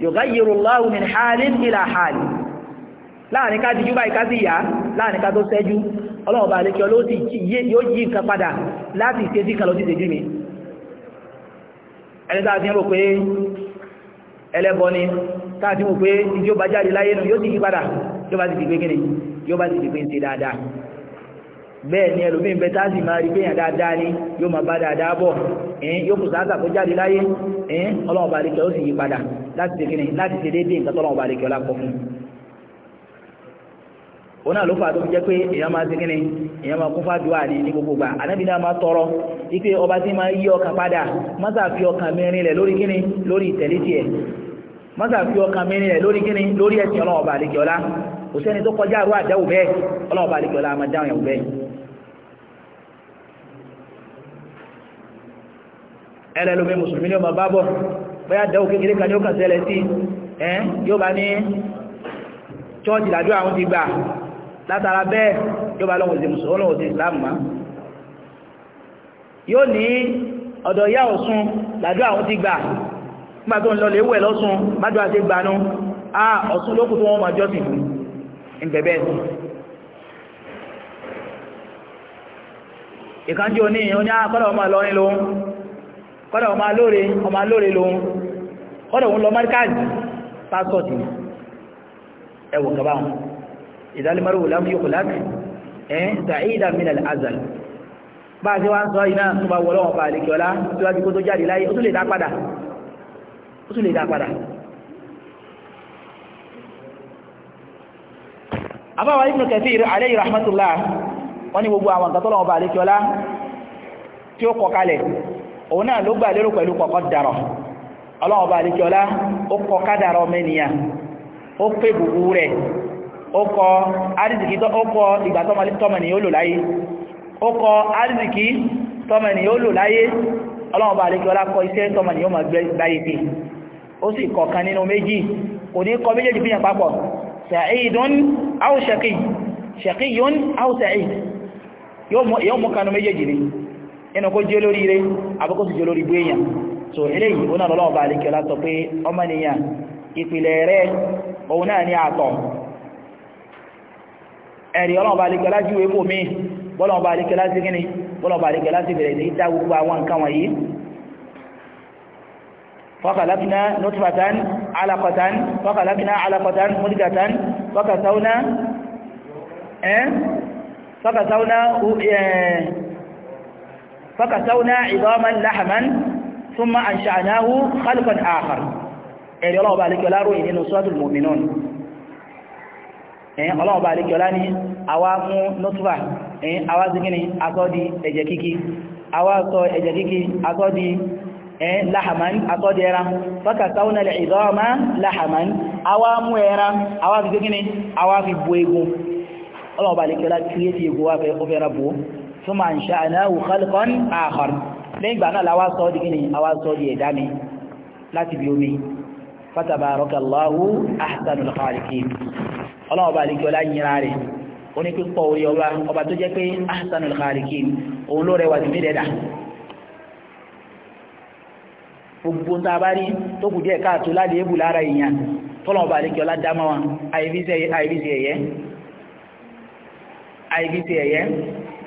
yughayyiru Allahu min halin ila halin láàrin ká dijú báyìí ká sí ìyá láàrin ká tó sẹ́jú ọlọ́ọ̀bá àlékí ọlọ́ọ̀tí yóò yí nǹkan padà láti ìṣẹ́jú kan lọ sí ìṣẹ́jú mi ẹni tàà ti ń rò pé ẹlẹ́bọ ni tàà ti mú pé ìjọba jáde láyé nù yóò ti yí padà yóò bá ti dìgbé gíní yóò bá ti dìgbé ń ṣe dáadáa bẹ́ẹ̀ ni ẹlòmí ń bẹ táàsì máa rí péyàn dáadáa ní yóò máa bá dáadáa bọ̀ ẹ̀yìn yóò kù sáàtà kó jáde láyé ẹ̀yìn ọlọ́run bá lékẹ́ ó sì yí padà láti ṣe kíni láti ṣe déédéé nǹkan tọ́lọ́run bá lékẹ́ fún un. òun náà ló fà tó fi jẹ́ pé èèyàn máa ṣe kíni èèyàn máa kún fàdúrà ní ní gbogbo gbà ẹlẹ́lómi mùsùlùmí ni ó ma bá bọ̀ bóyá dẹ́wò kékeré kan ní ó kàn sẹ́lẹ̀ sí ẹ́ yóò bá ní chọ́ọ̀tì làjọ àwọn ti gbà látara bẹ́ẹ̀ yóò bá lọ́wọ́ sí mùsùlùmí ọlọ́wọ́ sí islam ma yóò ní ọ̀dọ̀ ìyá Ọ̀ṣun làjọ àwọn ti gbà nígbà tó ń ọmọ ìlọrin lóhun kọ́dà ọmọ alóore ọmọ alóore lòun kọ́dà òun lọ gaba wọn ìdálẹ́mọ́rò wòlá mú yóò láti ẹ̀ ṣàìdá mílẹ̀ azal bá a ṣe wá ń sọ iná tó bá wọlọ́wọ́ pa àlekè tí wájú kó tó jáde láyé ó tún lè dá padà ó tún lè dá padà àbáwá òun náà ló gbà lérò pẹ̀lú kọ̀kọ́ dàrọ̀ ọlọ́ọ̀bá àlejọ́lá ó kọ kádàrọ̀ mẹ́niyàn ó pé gbogbo rẹ̀ ó kọ àrísìkí ó kọ ìgbà tọ́mọ̀nì yóò lò láyé ó kọ àrísìkí tọ́mọ̀nì yóò lò láyé ọlọ́ọ̀bá àlejọ́lá kọ iṣẹ́ tọ́mọ̀nì yóò máa gbé láyé sí ó sì kọ̀kan nínú méjì kò ní kọ méjèèjì fíyàn papọ̀ sa'idun inú kó jẹ́ lórí rẹ̀ àbúkó sì jẹ́ lórí gbé èèyàn so eléyìí ó náà lọ́wọ́ bá alékẹ́ látọ̀ pé ọmọnìyàn ìpìlẹ̀ rẹ̀ òun náà ní àtọ̀ ẹ̀rì ọlọ́wọ́ bá alékẹ́ láti wé fò mí bọ́lọ́wọ́ bá alékẹ́ láti kíni bọ́lọ́wọ́ bá alékẹ́ láti bẹ̀rẹ̀ فكسونا عظاما لحما ثم أنشأناه خلقا آخر ẹ̀rẹ̀ ọlọ́ọ̀bá alẹ́kọ̀ọ́lá ròyìn nínú sọ́dún mọ̀mìnàn ẹ̀yìn ọlọ́ọ̀bá alẹ́kọ̀ọ́lá ní àwa mú nọ́tùbà ẹ̀yìn àwa zikini asọ́dí ẹ̀jẹ̀ kíkí àwa sọ ẹ̀jẹ̀ kíkí asọ́dí ẹ̀yìn láhàmán asọ́dí ẹran fọ́kà sáúnàlẹ̀ ìdọ́ọ̀má láhàmán àwa mú ẹran àwa fi zikini àwa fi bu egun ọlọ́ọ̀bá alẹ́kọ̀ọ́lá kí ثم أنشأناه خلقا آخر لين بعنا لوا صادق ني أوا صادق لا تبيومي فتبارك الله أحسن الخالقين الله بارك ولا ينراري oni kí pọ̀ orí ọba ọba tó jẹ́ pé ahsanul khaliqin òun ló rẹwà jù ní dẹ̀dà gbogbo ń tàbá rí tó kù díẹ̀ káàtó láti ébù lára èèyàn tọ́lọ̀ ọba àríkẹ́ ọlá dámọ́ wọn àìbísẹ̀ ẹ̀yẹ́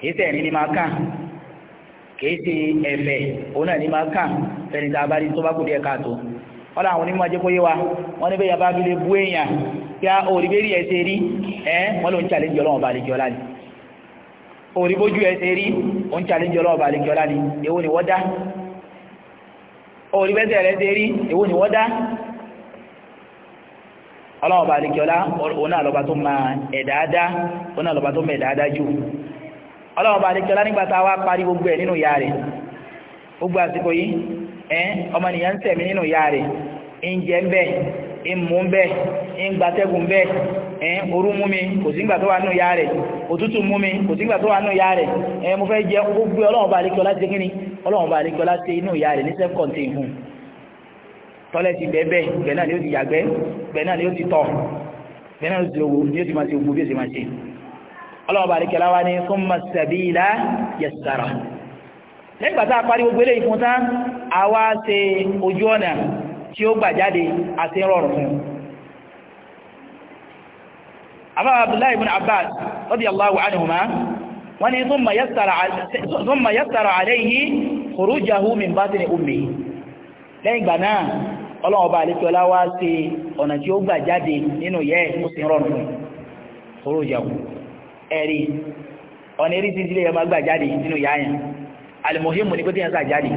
kìí ṣe ẹ̀rín ní máa kàn kìí ṣe ẹ̀fẹ̀ òun náà ní máa kàn fẹ́ni tá a bá rí tó bá kù díẹ̀ káàtó wọ́n láwọn onímọ̀ ajé wa wọ́n ní bẹ́ẹ̀ yaba fi lè èèyàn kí a òrì rí ẹ̀ ṣe rí ẹ́ wọ́n ló àlejò ọlá ni òrì bójú ẹ̀ ṣe rí ó ń challenge ọlọ́wọ́n àlejò ọlá ni èwo ni wọ́n dá òrì rẹ̀ ṣe rí èwo ni wọ́n dá ọlọ́wọ́n bá àlejò ọlá òun náà lọ́ba tó máa ẹ̀dáadá òun náà lọ́ba tó máa ẹ̀dáadá jù ọlọ́run bá àdékẹ́lá nígbà a wá parí gbogbo ẹ̀ nínú ìyá rẹ̀ gbogbo àsìkò yìí ẹ̀ ọmọnìyàn ń tẹ̀mí nínú ìyá rẹ̀ ń jẹ ń bẹ̀ ń mú ń ń gbatẹ́gùn mú mi kò sígbà tó wà nínú ìyá rẹ̀ òtútù mú mi kò sígbà tó wà nínú ìyá rẹ̀ mo fẹ́ jẹ gbogbo ti kíni ti inú ìyá rẹ̀ ní bẹ́ẹ̀ náà ni ó ti yàgbẹ́ bẹ́ẹ̀ náà ọlọ́wọ́ balikẹ́lá wa ní summa sabila yassara lẹ́yìn gbàtà parí gbogbo eléyìí fún tán àwa ṣe ojú ọ̀nà tí ó gbà jáde àti rọrùn fún abá abdullahi ibn abbas radiyallahu anhuma wọ́n ní thumma yassara alayhi khurujahu min batni ummihi lẹ́yìn gbà náà ọlọ́wọ́ balikẹ́lá wa ṣe ọ̀nà tí ó gbà jáde nínú yẹ́ ó sì rọrùn fún khurujahu ẹ̀rí ọ̀nà eré tí ìdílé yẹn máa gbà jáde nínú ìyá yẹn alimohimu ni pé tí yẹn sà jáde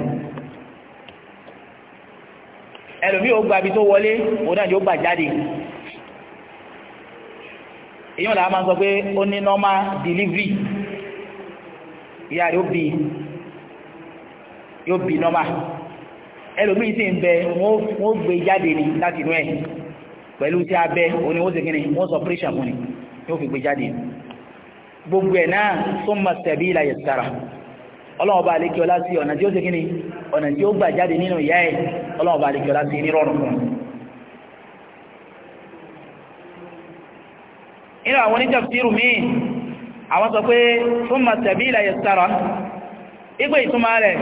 ẹlòmí ò gba ibi tó wọlé òun náà ni ó gbà jáde èyàn làá máa sọ pé ó ní normal delivery ìyá rẹ̀ ó bì yóò bì normal ẹlòmí sì ń bẹ wọ́n ó gbé jáde ni láti inú ẹ̀ pẹ̀lú tí a bẹ òun ni wọ́n ṣe kí ni wọ́n sọ operation fún ni yóò fi gbé jáde gbogbo ẹ̀ náà summa sabila yassara ọlọ́ọ̀bá alékiọlá sí ọ̀nà tí ó ṣe ni ọ̀nà tí ó gbà jáde nínú ìyá ẹ̀ ọlọ́ọ̀bá alékiọlá sí nírọ̀rùn fún inú àwọn onítafsírù míì àwọn sọ pé summa sabila yassara ipò ìtumọ̀ rẹ̀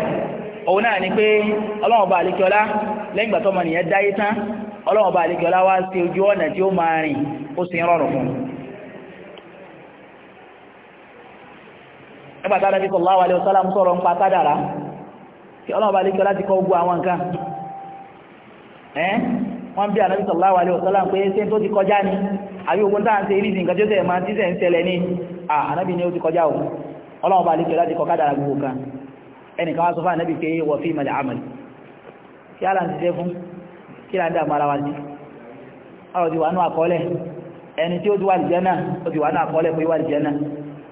òun náà ni pé ọlọ́ọ̀bá alékiọlá lẹ́yìn gbàtọ́mọ nìyẹn dáyé tán ọlọ́ọ̀bá alékiọlá wá sí ojú ọ̀nà tí ó máa rìn ó sì rọrùn fún un nígbàtà nàbí sallallahu alaihi wasallam sọ̀rọ̀ ń pa kádàrá kí ọlọ́run bá lè kí ọlá ti kọ́ gbogbo àwọn nǹkan ẹ́ wọ́n bí ànábì sallallahu alaihi wasallam pé ṣé tó ti kọjá ni àbí ogun táà ń ṣe ìrìsì nǹkan tí ó tẹ̀ máa ti sẹ̀ ń ṣẹlẹ̀ ni ànábì ni ó ti kọjá o ọlọ́run bá lè kí ọlá ti kọ́ kádàrá gbogbo kan ẹnìkan wá sọ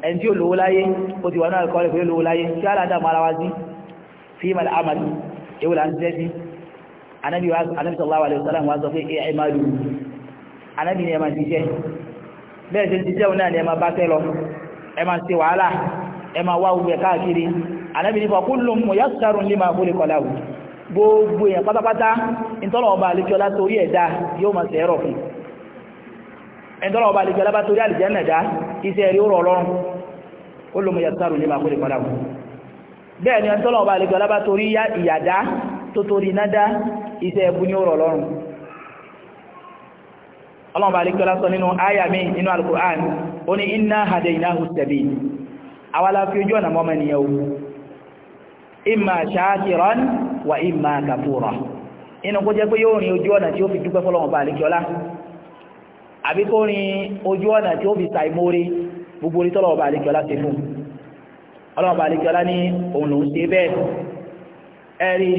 ẹni tí ó lówó láyé ó ti wà náà kọ́lẹ̀ pé lówó láyé tí aláàdá mara wá sí fi ìmọ̀lẹ̀ amàlù ewu là ń jẹ́ sí anábì sallallahu alaihi wasallam wá sọ pé ẹ ìmọ̀lù anábì ni ẹ máa ṣiṣẹ́ bẹ́ẹ̀ ṣe ṣiṣẹ́ òun náà ni ẹ máa bá tẹ́ lọ ẹ máa ṣe wàhálà ẹ máa wá gbogbo ẹ̀ káàkiri anábì ni fa kullun muyassarun lima khuliqa lahu gbogbo èèyàn pátápátá ìtọ́lọ̀ ẹ̀ntọ́lọ̀ ọba àlejò alábá torí àlìjánà dá iṣẹ́ rí ó rọ̀ lọ́rùn ó lómọ yàtàrù ní màkó lè padà bẹ́ẹ̀ ni ẹ̀ntọ́lọ̀ ọba àlejò alábá torí ìyàdá tó torí iná dá iṣẹ́ ẹbú ní ó rọ̀ lọ́rùn ọlọ́ọ̀bá àlejò alásọ nínú àyà mi nínú alukur'an ó o fi dúpẹ́ fọlọ́wọ́n ọba àlejò àbí kó rin ojú ọ̀nà tí ó fi ta ìmóre gbogbo orí tọ́lọ̀ ọba àlekíọ́lá ti fún ọlọ́ọ̀ba àlekíọ́lá ní òun lòún ṣe bẹ́ẹ̀ ẹ̀rí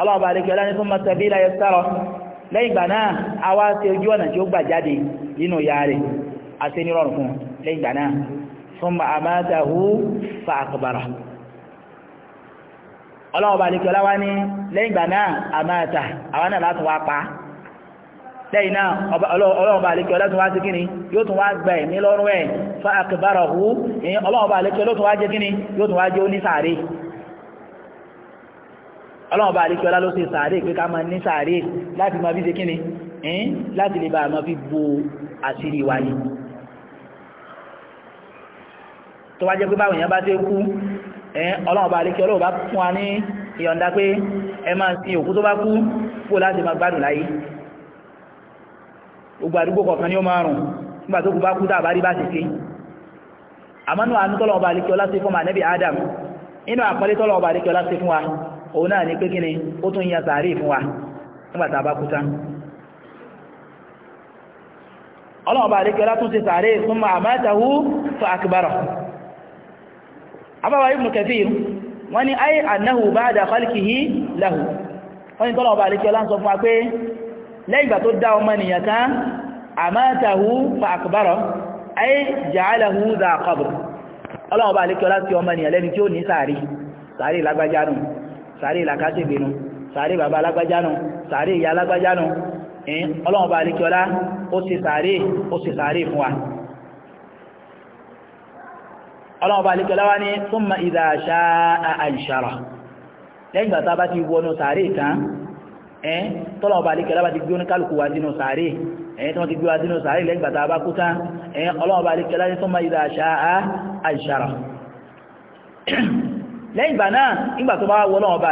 ọlọ́ọ̀ba àlekíọ́lá ní fún mọ́tàbí ilá yẹsàrọ̀ lẹ́yìn ìgbà náà a wá ṣe ojú ọ̀nà tí ó gbà jáde nínú ìyá rẹ̀ a ní rọrùn fún lẹ́yìn ìgbà náà fún àmàtàhù fa àkùbàrà ọlọ́ọ̀ba àlekíọ́lá wá ní lẹ́yìn ìgbà náà àmàtà àwa náà lẹ́yìn náà ọlọ́ọ̀bá àlékẹ́ ọlọ́tún wá sí kíni yóò tún wá gba ẹ̀mí lọ́rùn ẹ̀ fa akbarahu ní ọlọ́ọ̀bá àlékẹ́ ọlọ́tún wá jẹ́ kíni yóò tún wá jẹ́ onísàárè ọlọ́ọ̀bá àlékẹ́ ọlá ló ṣe sàárè pé ká máa ní sàárè láti máa fi ṣe kíni láti lè bá máa fi bo àṣírí wa ni tó wá jẹ́ pé báwọn èèyàn bá dé kú ọlọ́ọ̀bá àlékẹ́ ọlọ́ọ̀bá fún wa ní ìyọ̀ǹda pé ẹ máa sin òkú tó bá kú kó láti máa gbádùn láyé gbogbo àdúgbò kọ̀ọ̀kan ní ó máa rùn nígbà tó kù bá kú tàbá rí bá ti ṣe àmánú àánú tọ́lọ̀ ọba àríkẹ́ ọlá sí fún ma nẹ́bí Adam inú àpọ́lé tọ́lọ̀ ọba àríkẹ́ ọlá sí fún wa òun náà ní pé ó tún yan sàárè fún wa nígbà tá kú tán ọlọ́ọ̀bá lẹ́yìnbà tó dá ọmọ nìyàn tán àmátahu fa àkùbárọ̀ ayé jàálàhu dà kọbù ọlọ́wọ́ bá alékọ́lá sí ọmọ nìyàn lẹ́ni tí ó ní sàárì sàárì lágbájánù sàárì làkásẹ̀gbẹ̀nu sàárì bàbá lágbájánù sàárì ìyá lágbájánù ẹ̀yìn ọlọ́wọ́ bá alékọ́lá ó sì sàárì ó sì sàárì fún wa ọlọ́wọ́ bá alékọ́lá ẹ́n tọ́lọ̀ ọba àlekẹ́ lábàá ti gbé wa sínú sàárè ẹ̀yìn tí ti gbé wa sínú sàárè lẹ́yìn gbàtà bá ọlọ́wọ́ ọba àlekẹ́ láyé sọ́mọ ìdá àṣà lẹ́yìn ìgbà náà ìgbà tó bá ọba ọba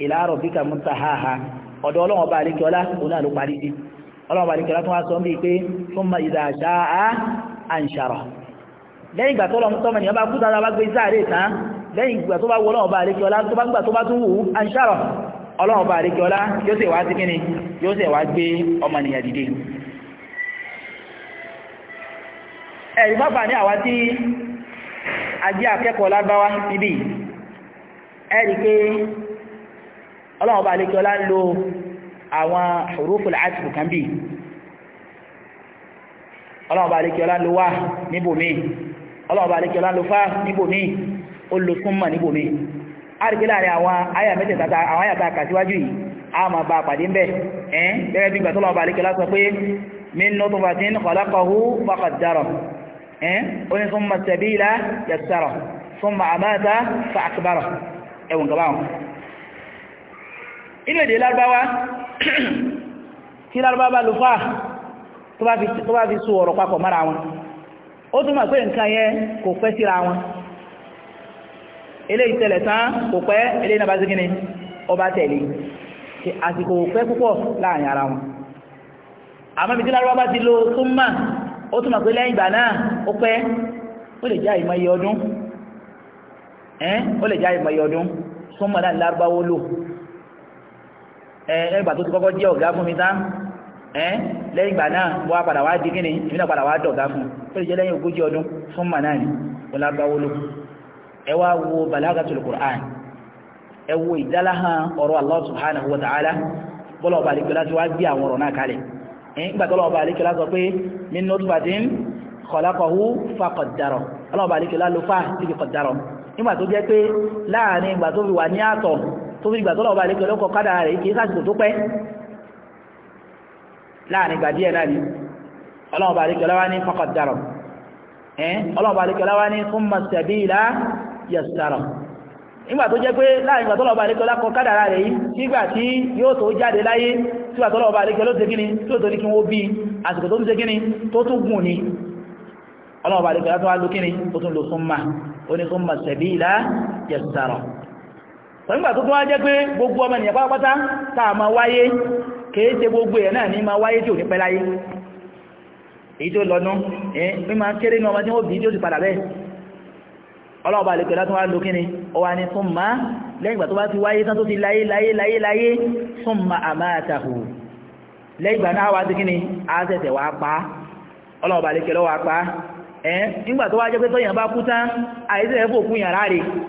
ila rabbika muntahaha ọ̀dọ̀ ha àríkẹ́ọlá òun náà ló àríkẹ́ọlá tó wá sọ bí pé thumma idha sha'a anshara lẹ́yìn ìgbà tó lọ́mú tọ́mọ ènìyàn kú tàbí gbé sáré tán lẹ́yìn ìgbà tó bá wọ àríkẹ́ọlá tó bá gbà tó bá tún ọlọ́run ọba àlekẹ́ ọlá ń lo àwọn huruful atfu kan bì ọlọ́run ọba àlekẹ́ ọlá ń lo wá níbòmí ọlọ́run ọba àlekẹ́ ọlá ń lo fá níbòmí ó lo súnmọ̀ níbòmí àrígbé láàrin àwọn àyà mẹ́tẹ̀ẹ̀ta àwọn àyà tá a kà síwájú yìí a máa bá pàdé ń bẹ̀ ẹ́n gẹ́gẹ́ bí gbàtọ́lọ́ ọba àlekẹ́ ọlá sọ pé min nutfatin inú èdè lárúbáwá tí [CLEARS THROAT] lárúbáwá bá fà tó bá fi so papọ̀ mara wọn ó túnmọ̀ pé nǹkan yẹn kò pẹ́ síra wọn eléyìí tẹ̀lẹ̀ tán kò pẹ́ eléyìí náà sí ọba tẹ̀lé àsìkò pẹ́ púpọ̀ láàrin ara wọn àmọ́ bí tí ti náà ó lò ẹ ẹgbà tó ti kọ́kọ́ jẹ́ ọ̀gá fún mi tán ẹ lẹ́yìn ìgbà náà mo wá padà wá di kíni èmi náà padà wá dọ̀gá fún un tó lè jẹ́ lẹ́yìn ogójì ọdún fún màná ni mo lá gbáwó ló ẹ wá wo balagatul Qur'an ẹ wo ìdáláhàn ọ̀rọ̀ Allah subhanahu wa ta'ala bọ́lá ọba àlekèlá ti wá gbé àwọn ọ̀rọ̀ náà kalẹ̀ nígbà tó lọ́wọ́ ọba àlekèlá sọ pé min nutfatin khalaqahu faqaddara ọlọ́wọ́ ọba àlekèlá ló fà síbi qaddara nígbà tó jẹ́ pé láàrin ìgbà tó fi wà ní àtọ̀ tó fi ìgbà tó lọ́wọ́ bá ilé pẹ̀lú ọkọ̀ kádà rẹ̀ kìí sásìkò tó pẹ́ láàrin ìgbà díẹ̀ náà ni ọlọ́wọ́ bá ilé pẹ̀lú wá ní faqad darab ọlọ́wọ́ bá ilé pẹ̀lú wá ní thumma sabila yassara nígbà tó jẹ́ pé láàrin ìgbà tó lọ́wọ́ bá ilé pẹ̀lú ọkọ̀ kádà rẹ̀ yìí nígbà tí yóò tó jáde láyé nígbà tó tún wá jẹ́ pé gbogbo ọmọ ènìyàn pátápátá táà máa wáyé kìí ṣe gbogbo ẹ̀ náà ní máa wáyé tí ò ní pẹ́ láyé èyí tó lọ́nú ẹ́ mímá kéré ní ọmọ tí ó bí tí ó sì padà bẹ́ẹ̀ ọlọ́ọ̀bá lè pẹ̀lá tó wá lò kíni ọwá ní súnmà lẹ́yìn ìgbà tó bá ti wáyé tán tó ti láyé láyé láyé láyé súnmà àmáàtàhù lẹ́yìn ìgbà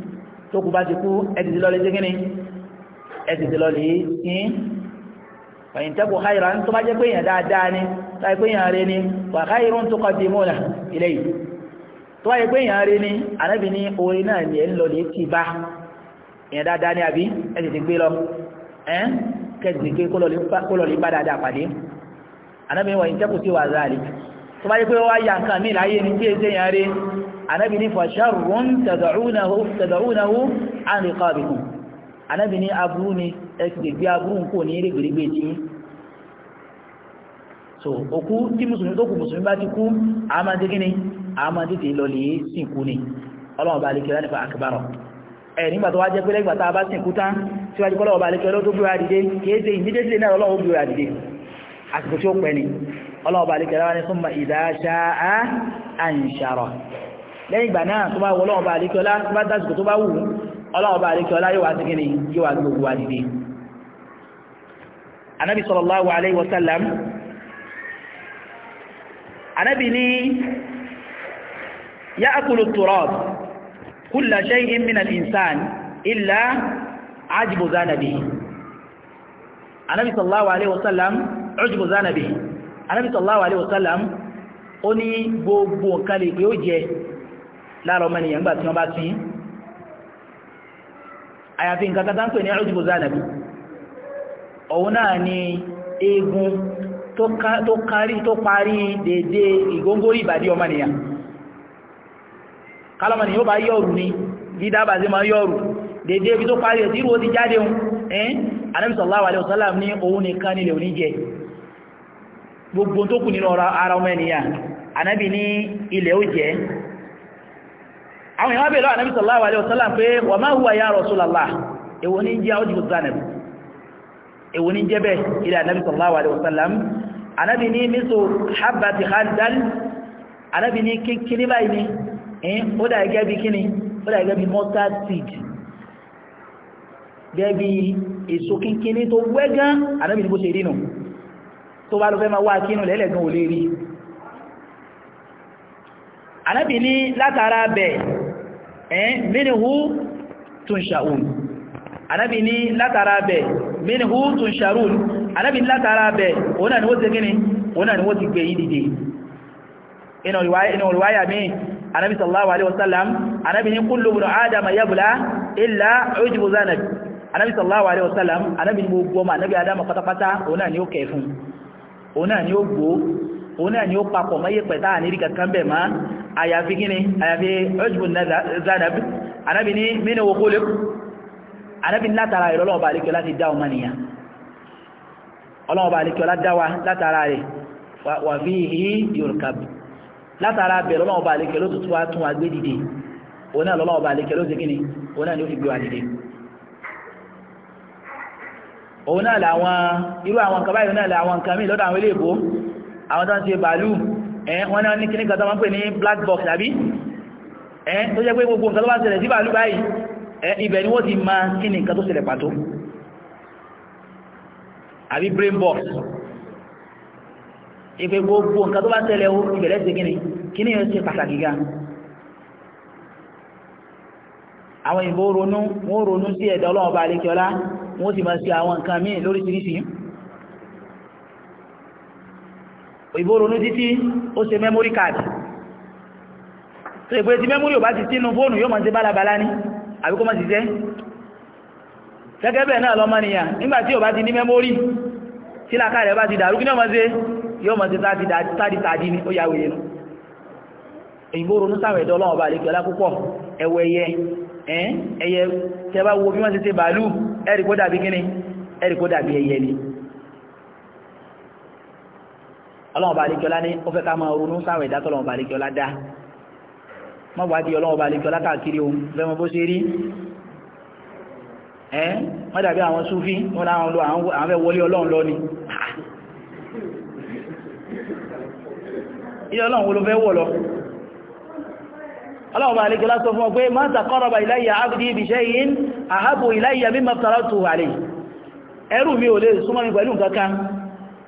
tó kú bá ti kú ẹ̀tìtì lọ́lẹ̀ ṣe kíni ẹ̀tìtì lọ́lẹ̀ yìí fàyìn tẹ́kù háìrà ń tó bá jẹ́ pé dáadáa ni láì pé èèyàn rẹ ni wà háìrù ń tó kọ́ di mọ́là ilé yìí tó wáyé pé èèyàn rẹ ni ànábì ní orin náà ni ẹ̀ ń lọlẹ̀ ti bá èèyàn dáadáa ni àbí ẹ̀tìtì gbé lọ ẹ́ kẹ́tìtì gbé kó lọlẹ̀ bá dáadáa pàdé ànábì wàyìn tẹ́kù tí wà záàlì anábì ní fàṣàrùn tàdàúnahú àríkàbìkù anábì ní aburú ni ẹgbẹ̀gbẹ̀ aburú kò ní rígbìrígbè tí so òkú tí musulmi tó kù musulmi bá ti kú a máa dé gíní a máa dé tèé lọlẹ̀ sìnkú ni ọlọ́wọ́ bá lè kẹrẹ́ nípa àkàbàrọ̀ ẹ̀rí nígbà tó wá jẹ́ pé lẹ́gbà tá a bá sìnkú tán síwájú kọ́lọ́wọ́ bá lè kẹrẹ́ tó gbé wa dìde kìí ṣe ìmídéjìlẹ̀ náà ọlọ́wọ́ gbé wa dìde àsìkò tí ó pẹ́ ni ọlọ́wọ́ bá lè kẹrẹ́ wa ní súnmọ́ ìdáṣáá àǹṣàrọ̀ lẹ́yìn ìgbà náà tó bá wọ ọlọ́run bá àríkíọlá tó bá dásìkò tó bá wù ọlọ́run bá àríkíọlá yóò wá sí kíni yóò wá gbogbo wa dìde anabi sallallahu alayhi wa sallam anabi ni ya'kulu turab kulla shay'in min al-insan illa ajibu zanabi anabi sallallahu alayhi wa sallam ó ní gbogbo nǹkan lè pé ó jẹ lára ọmọ ènìyàn gbà tí wọ́n bá tí àyàfi nǹkan kan tánpẹ̀ ní ọjọ́ zanabi òun náà ni eegun tó kárí tó parí dédé ìgóngórí ìbàdí ọmọ ènìyàn kálọ́mọ ni yóò bá yọ̀rù ni bí dábàá sí máa yọ̀rù dédé ibi tó parí ẹ̀tí ìrò ti jáde hun ẹ́n Ànábì sallallahu alaihi wasallam ní òun nìkan nílẹ̀ oníjẹ ilẹ̀ ó jẹ́ àwọn èèyàn bèèrè ànábì sallallahu alaihi wasallam pé wa ma huwa ya Rasulullah èwo ní jẹ́ ọdún zanab èwo ní jẹ́ bẹ́ ilẹ̀ ànábì sallallahu alaihi wasallam ànábì ní mísò habbati khardal ànábì ní kíní báyìí ní ó dà gẹ́gẹ́ bí kíní ó dà gẹ́gẹ́ bí mustard seed gẹ́gẹ́ bí èso kínkíní tó wẹ́gán ànábì ní bó ṣe rí nù tó bá lọ fẹ́ máa wá kínú lẹ́lẹ̀gán látara bẹ́ẹ̀ Eh, mínihú tún ṣàún anábi ní látara bẹ̀ mínihú tún ṣàrún anábi ní látara bẹ̀ òun àni wó ti gíní òun àni wó ti gbé yí dìde inú olùwáyà mi anábi sallallahu alaihi wasallam anábi ní kullu ibn adam yabla illa ujibu zanabi anábi sallallahu alaihi wasallam anábi ní gbogbo ọmọ anábi adam pátápátá òun àni ó kẹ̀ fún òun àni ó òun náà ni ó papọ̀ mọ́yé pẹ̀tá àníri kankan bẹ̀ máa àyàfi gíní àyàfi ojúbùn zanab anábi ní mínú owó kólé anábi látara rẹ̀ lọ́wọ́ balikọ́ láti dá ọmọ nìyàn ọlọ́wọ́ balikọ́ ládáwà látara rẹ̀ wà fi hì yorùkab látara bẹ̀ lọ́wọ́ balikọ́ ló tuntun wá tún agbé dìde òun náà lọ́wọ́ balikọ́ ló ti gíní òun náà ni ó fi àwọn tó ń ṣe bàálù wọ́n náà ní kíní kan tó máa ń pè ní black box àbí tó jẹ́ pé gbogbo nǹkan tó bá ń ṣẹlẹ̀ sí bàálù báyìí ibẹ̀ ni wọ́n ti máa kíní nǹkan tó ṣẹlẹ̀ pàtó àbí brain box ìpè gbogbo nǹkan tó bá ṣẹlẹ̀ o ìbẹ̀rẹ̀ ṣe kíní kíní yẹn ṣe pàtàkì gan àwọn ìbò ronú wọ́n ronú sí ẹ̀dá ọlọ́run bá àlékiọlá wọ́n sì máa ṣe àwọn nǹkan míì lóríṣiríṣi òyìnbó ronú títí ó ṣe memory card tó ìgbé tí memory ò bá ti sínú fóònù yóò máa ṣe bálabàlá ní àbí kó máa ṣiṣẹ́ gẹ́gẹ́ bẹ́ẹ̀ náà lọ́mọnìyàn nígbà tí ò bá ti ní memory tí làákà rẹ̀ bá ti dàrú kí ni ó máa ṣe yóò máa ṣe tádì tádì ní ó yàwó yẹnu òyìnbó ronú sáwọn ẹ̀dọ́ ọlọ́wọ́ bá lè gbẹ́lá púpọ̀ ẹwọ ẹyẹ ẹyẹ tẹ bá wo bí wọ́n ti ṣe bàálù ẹ̀rì kó dàbí kíni ẹ̀rì kó dàbí ẹyẹ ni ọlọ́wọ́n bá àlejò ọlá ní ó fẹ́ ká máa ronú sáwọn ìdá tọ́lọ́wọ́n bá àlejò ọlá dá má wá di ọlọ́wọ́n bá àlejò ọlá káàkiri o fẹ́ mọ bó ṣe rí ẹ́ wọ́n dàbí àwọn súfí wọn láwọn lo àwọn fẹ́ wọlé ọlọ́run lọ ni ilé ọlọ́run wo ló fẹ́ wọ̀ lọ ọlọ́run bá àlejò ọlá sọ fún ọ pé má taqarraba ilayya abdi bi shay'in ahabu ilayya mimma aftaratuhu alayhi ẹrú mi ò lè súnmọ́ mi pẹ̀lú nǹkan kan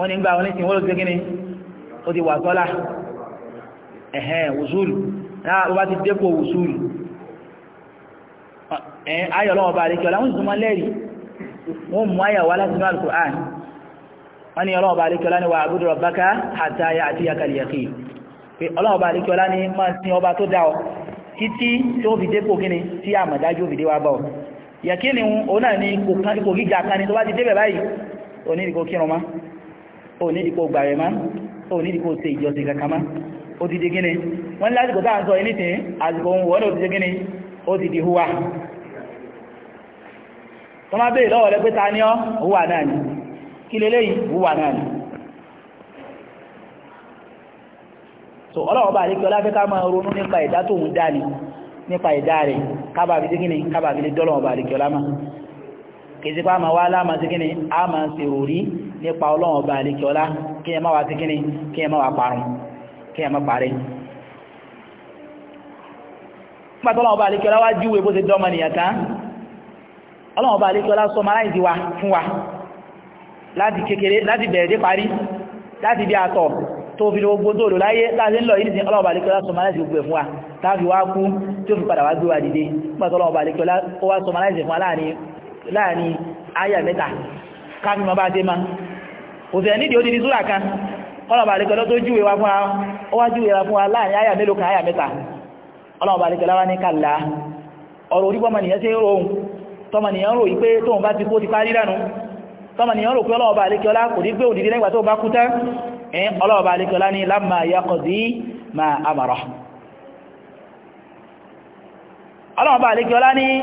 wọ́n ní gba oníṣìn wọ́n ló ti gíní ó ti wà sọ́lá ẹ̀hẹ́n wùsùlù náà ó bá ti dépò wùsùlù ẹ̀hẹ́n ayọ̀ lọ́wọ́ bá àríkẹ́ ọ̀la wọ́n sì tún máa lẹ́rìí wọ́n mú ayọ̀ wá láti inú Al-Qur'an wọ́n ní ọlọ́wọ́ bá àríkẹ́ ọ̀la ní wà abudu rabbaka hatta ya'tiyaka al-yaqin pé ọlọ́wọ́ bá àríkẹ́ ọ̀la ní máa sin ọba tó dá ọ títí tí ó fi dépò kíni tí àmọ̀dájú òfìdé wa bọ̀ yàkínni òun náà ní ipò gíga kan ní tó bá ti débẹ̀ báyìí òní ìdíkò kírun ó ní ìdíkò gbà rẹ̀ má ó ní ìdíkò ìjọsìn kankan má ó ti di gíní wọ́n lásìkò tá à ń sọ anything àsìkò òun wọ́n ó ti di gíní ó ti di húwà tó má béèrè lọ́wọ́ rẹ ta ni ọ́ húwà náà ni kí leléyìí húwà náà ni so ọlọ́wọ́ bá àríkẹ́ ọláfẹ́ ká máa ronú nípa kìí pa ma wá láàmà sí kíni a ma ṣe òrí nípa ọlọ́run ọba àlekíọlá kí ẹ má wá sí kíni kí ẹ má wá parun kí ẹ má parẹ́ pàtọ́lọ́run ọba àlekíọlá wá júwe bó ṣe dọ́mọ nìyàn tán ọlọ́run ọba àlekíọlá sọmọ aláìsí wa fún wa láti kékeré láti bẹ̀rẹ̀ dé parí láti bí àtọ̀ tó fi gbogbo tó lò láyé láti ń láàrin àyà mẹ́ta káàkiri ma bá dé ma kò sẹ̀ nídìí ó di ní súrà kan ọlọ́ọ̀bà àríkẹ́lọ́ tó júwe wa fún wa ó wá júwe wa fún wa láàrin àyà mélòó kan ma mẹ́ta ọlọ́ọ̀bà àríkẹ́lọ́ wá ní kàlá ọ̀rọ̀ orí bọ́mọnìyàn ti ti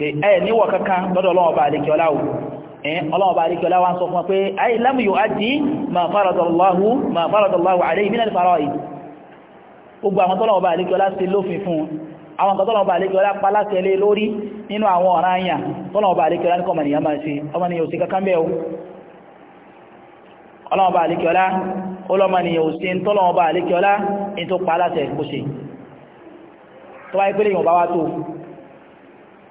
ẹ̀ níwọ̀ kankan lọ́dọ̀ ọlọ́wọ́ bá àlekẹ́ ọláwò ọlọ́wọ́ bá àlekẹ́ ọláwà ń sọ fún pé ayé lámù yóò ájí ma faradallahu ma faradallahu alayhi min al-fara'id gbogbo àwọn tọ́lọ́wọ́ bá àlekẹ́ ọlá sí lófin fún àwọn nǹkan tọ́lọ́wọ́ bá àlekẹ́ ọlá palásẹ̀lẹ̀ lórí nínú àwọn ọ̀ràn tó wáyé pé lè yàn wá tó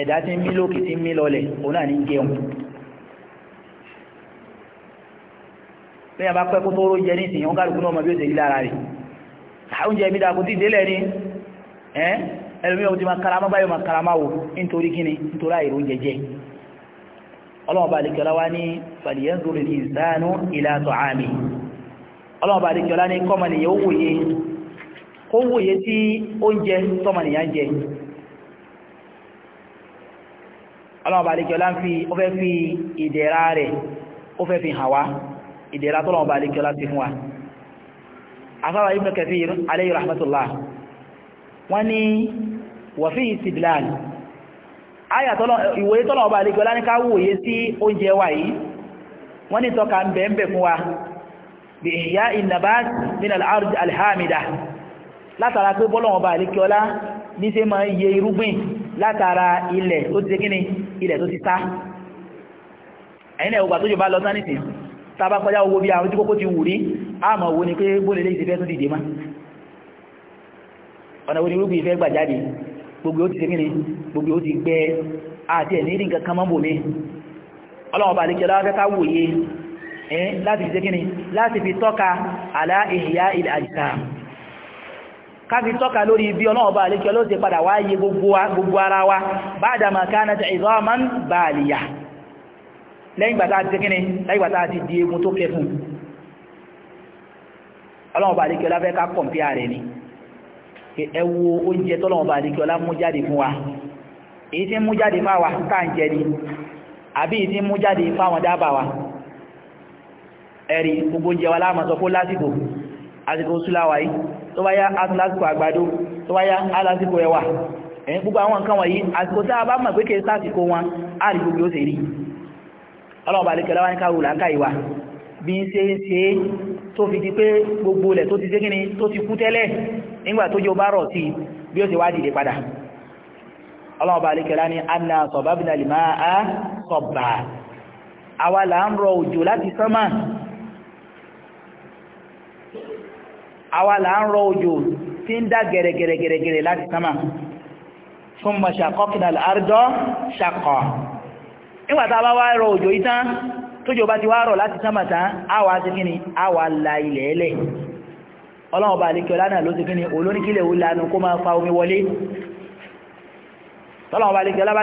ẹ̀dá tí ń mí lókè tí ń mí lọlẹ̀ òun náà ní jẹun lẹ́yìn bá pẹ́ kó tó ró jẹ nísìnyí wọ́n kálukú náà mọ bí ó ṣe rí lára rẹ̀ oúnjẹ mi dàkú tí ìdélẹ̀ ni ẹlòmí ọ̀hún ti máa karama báyọ̀ máa karama wò nítorí kíni nítorí àìrò jẹjẹ ọlọ́ọ̀bà àdìkọ́lá wá ní fàdíyẹ́nzúrì ní ìsánú ìlàtọ̀ àmì ọlọ́ọ̀bà àdìkọ́lá ní kọ́mọnìyàn wòye kó wòye tí oúnjẹ tọ́mọnìyàn jẹ ọlọ́wọ́ balikiola ń fi ó fẹ́ fi ìdẹ̀ra rẹ̀ ó fẹ́ fi hàn wá ìdẹ̀ra tó lọ́wọ́ balikiola ti fún wa afáwà ibn kathir alayhi rahmatullah wọ́n ní wọ̀fí ìsìdìláàlì ìwòye tọ́lọ̀ ọba àlejọ́lá ní ká wòye sí oúnjẹ wa yìí wọ́n ní tọ́ka ń bẹ̀ ń bẹ̀ fún wa bí ìyá ìnàbát min alhamida látara pé bọ́lọ̀ ọba àlejọ́lá ní ṣe máa yẹ irúgbìn látara ilẹ̀ tó ti kíni ilẹ̀ tó ti sá ẹ̀yìn ẹ̀wọ̀gbà tó jọba lọ sánìtì tàbá kọjá owó bí àwọn tí kókó ti wù rí àmọ̀ owó ni pé bóòlẹ̀ léyìí ti fẹ́ tún dìde má ọ̀nà wo ni irúgbìn ìfẹ́ gbà jáde gbogbo ó ti ṣe kíni gbogbo ó ti gbẹ àti ẹ̀ní ní nǹkan kan mọ́ bòmí ọlọ́wọ́n bá lékẹ́ lọ́wọ́ kẹ́kẹ́ wòye láti fi ṣe kíni káfi tọ́ka lórí ibi ọlọ́ọ̀bá àlékí ọlọ́sẹ̀ padà wáyé gbogbo ara wa báadà makana ta ìzọ́man báàlìyà lẹ́yìn gbàtà àti kíni lẹ́yìn gbàtà àti di egun tó ni ẹ wo oúnjẹ tọ́lọ́ọ̀bá àlékí ọlá mú jáde fún wa èyí tí mú jáde fáwa tá àbí èyí mú jáde fáwọn dábàá wa ẹ̀rí gbogbo oúnjẹ wa láàmọ̀ sọ fún lásìkò àsìkò súláwàá yìí tó bá yá alásìkò àgbàdo tó bá yá alásìkò ẹ̀wà ẹ̀yìn gbogbo àwọn nǹkan wọ̀nyí àsìkò tá a bá mọ̀ pé kèé sásìkò wọn á rí gbogbo ó sì rí ọlọ́ọ̀bà àlekẹ̀lá wá ní káwù làákà ìwà bí ń ṣe ń ṣe tó fi di pé gbogbo ilẹ̀ tó ti ṣe kíni tó ti kú tẹ́lẹ̀ nígbà tó jọ bá rọ̀ sí bí ó ṣe wá dìde padà ọlọ́ọ̀bà àlekẹ̀lá ní anna sọ̀bábìnà àwa là ń rọ òjò tí ń dá gẹ̀rẹ̀gẹ̀rẹ̀gẹ̀rẹ̀ láti sánmà fún mọ̀ ṣàkọ́kìnà àrùdọ́ ṣàkọ̀ nígbàtà bá wá rọ òjò yìí tójò bá ti wá rọ̀ láti sánmà tán àwa ti kíni àwa la ilẹ̀ ẹlẹ̀ ọlọ́run bá àlékẹ́ ọlá náà ló ti kíni olóníkílẹ̀ ó lanu kó máa fa omi wọlé tọ́lọ́run bá àlékẹ́ ọlá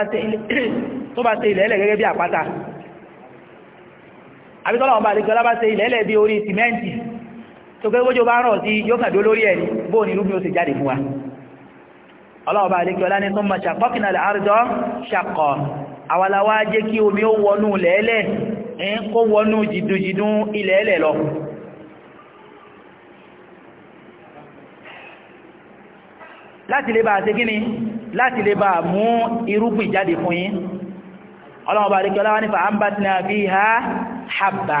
[CLEARS THROAT] tó bá ṣe ilẹ̀ ẹlẹ̀ gẹ́gẹ́ bí àpáta àbí tọ́lọ́run bá àlékẹ́ ọlá tó kẹ́ gbójò bá rọ̀ sí yóò kàdó lórí ẹni bóò ní rúbí ó sì jáde fún wa ọlọ́ọ̀bá àlékí ọlá ní tó mọ̀ ṣàkọ́kìnà àrídọ́ ṣàkọ̀ àwàláwá jẹ́ kí omi ó wọnú lẹ́ẹ̀lẹ̀ kó wọnú jìdùjìdùn ilẹ̀ẹ́lẹ̀ lọ láti lè bá ṣe kíni láti lè bá mú irúgbìn jáde fún yín ọlọ́ọ̀bá àlékí ọlá ní fa ambatna fiha habba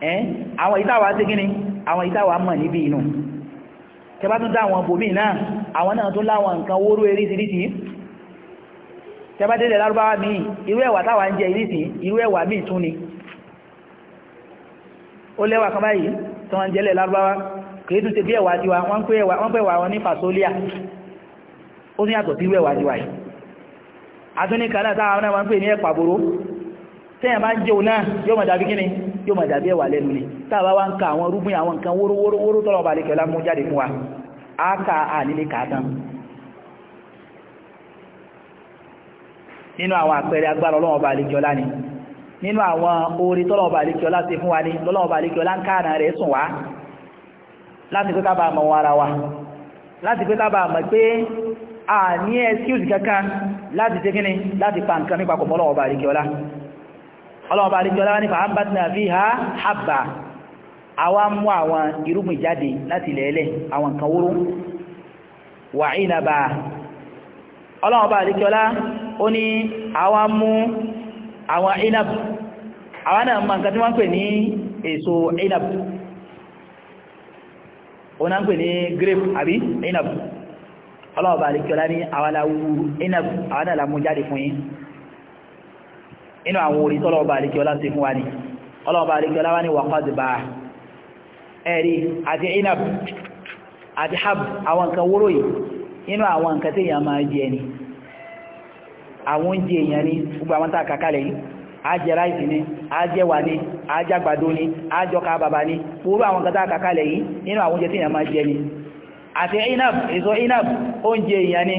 ẹ́n àwọn ìtawà sí gíní àwọn ìtawà mọ̀ níbi inú tẹbá tún àwọn bòmí náà àwọn náà tó láwọn nǹkan wóró eríṣiríṣi tẹbá délẹ̀ lárúbáwá mi irú ẹ̀wà táwà ń jẹ iríṣi irú ẹ̀wà mi tún ni ó lẹ́wà kan báyìí tó wọ́n jẹ́lẹ̀ lárúbáwá kìí tún ti bí ẹ̀wà tiwa wọ́n pè wà wọn ní fasolia ó ní yàtọ̀ sí irú ẹ̀wà tiwa yìí náà náà wọ́n ní ẹ̀pàbòrò tẹ́yàn bá ń jẹun náà yóò mọ̀ dàbí kíni yóò máa dàbí ẹ̀wà lẹ́nu ni táàbá wá ń ka àwọn rúgbìn àwọn nǹkan wórówóró tọ́lọ̀ ọba àlekẹ́lá mú jáde fún wa á ka ànílé kàátán nínú àwọn àpẹẹrẹ agbára ọlọ́wọ́ ọba àlekẹ́lá ni nínú àwọn oore tọ́lọ̀ ọba àlekẹ́lá ti ni lọ́lọ́wọ́ ọba àlekẹ́lá ń káàna rẹ̀ sùn wá láti pé kábàá mọ̀ wa láti pé kábàá mọ̀ pé a ní excuse kankan láti ṣe kíni láti pa nǹkan nípa kọ̀mọ́lọ́wọ́ ọba àlekẹ́lá ọlọ́wọ́ bá àríkẹ́ ọlọ́wọ́ ní fa'ambatna fiha habba àwa mú àwọn irúgbìn jáde láti lẹ́ẹ̀lẹ́ àwọn nǹkan wúrú wa inaba ọlọ́wọ́ bá àríkẹ́ ọlá ó ní àwa mú àwọn inab àwa náà mọ̀ nǹkan tí wọ́n ń pè ní èso inab ó náà pè ní grape àbí inab ọlọ́wọ́ bá àríkẹ́ ọlá ní àwa la inab àwa náà la mú jáde fún yín inú àwọn orí tọ́lọ́ọ̀bà àríkíọlá ti fún wa ní ọlọ́ọ̀bà àríkíọlá wá ní wàkọ́dìbà ẹ̀rí àti inab àti hab àwọn nǹkan wóró yìí inú àwọn nǹkan tí èèyàn máa jẹ ni àwọn oúnjẹ èèyàn ní gbogbo àwọn tá àkàkalẹ̀ yìí ajẹ ni ajẹ wà ní ni ajọka bàbá ni gbogbo àwọn nǹkan tá àkàkalẹ̀ yìí inú àwọn oúnjẹ tí èèyàn máa jẹ ni àti inab èso inab oúnjẹ èèyàn ni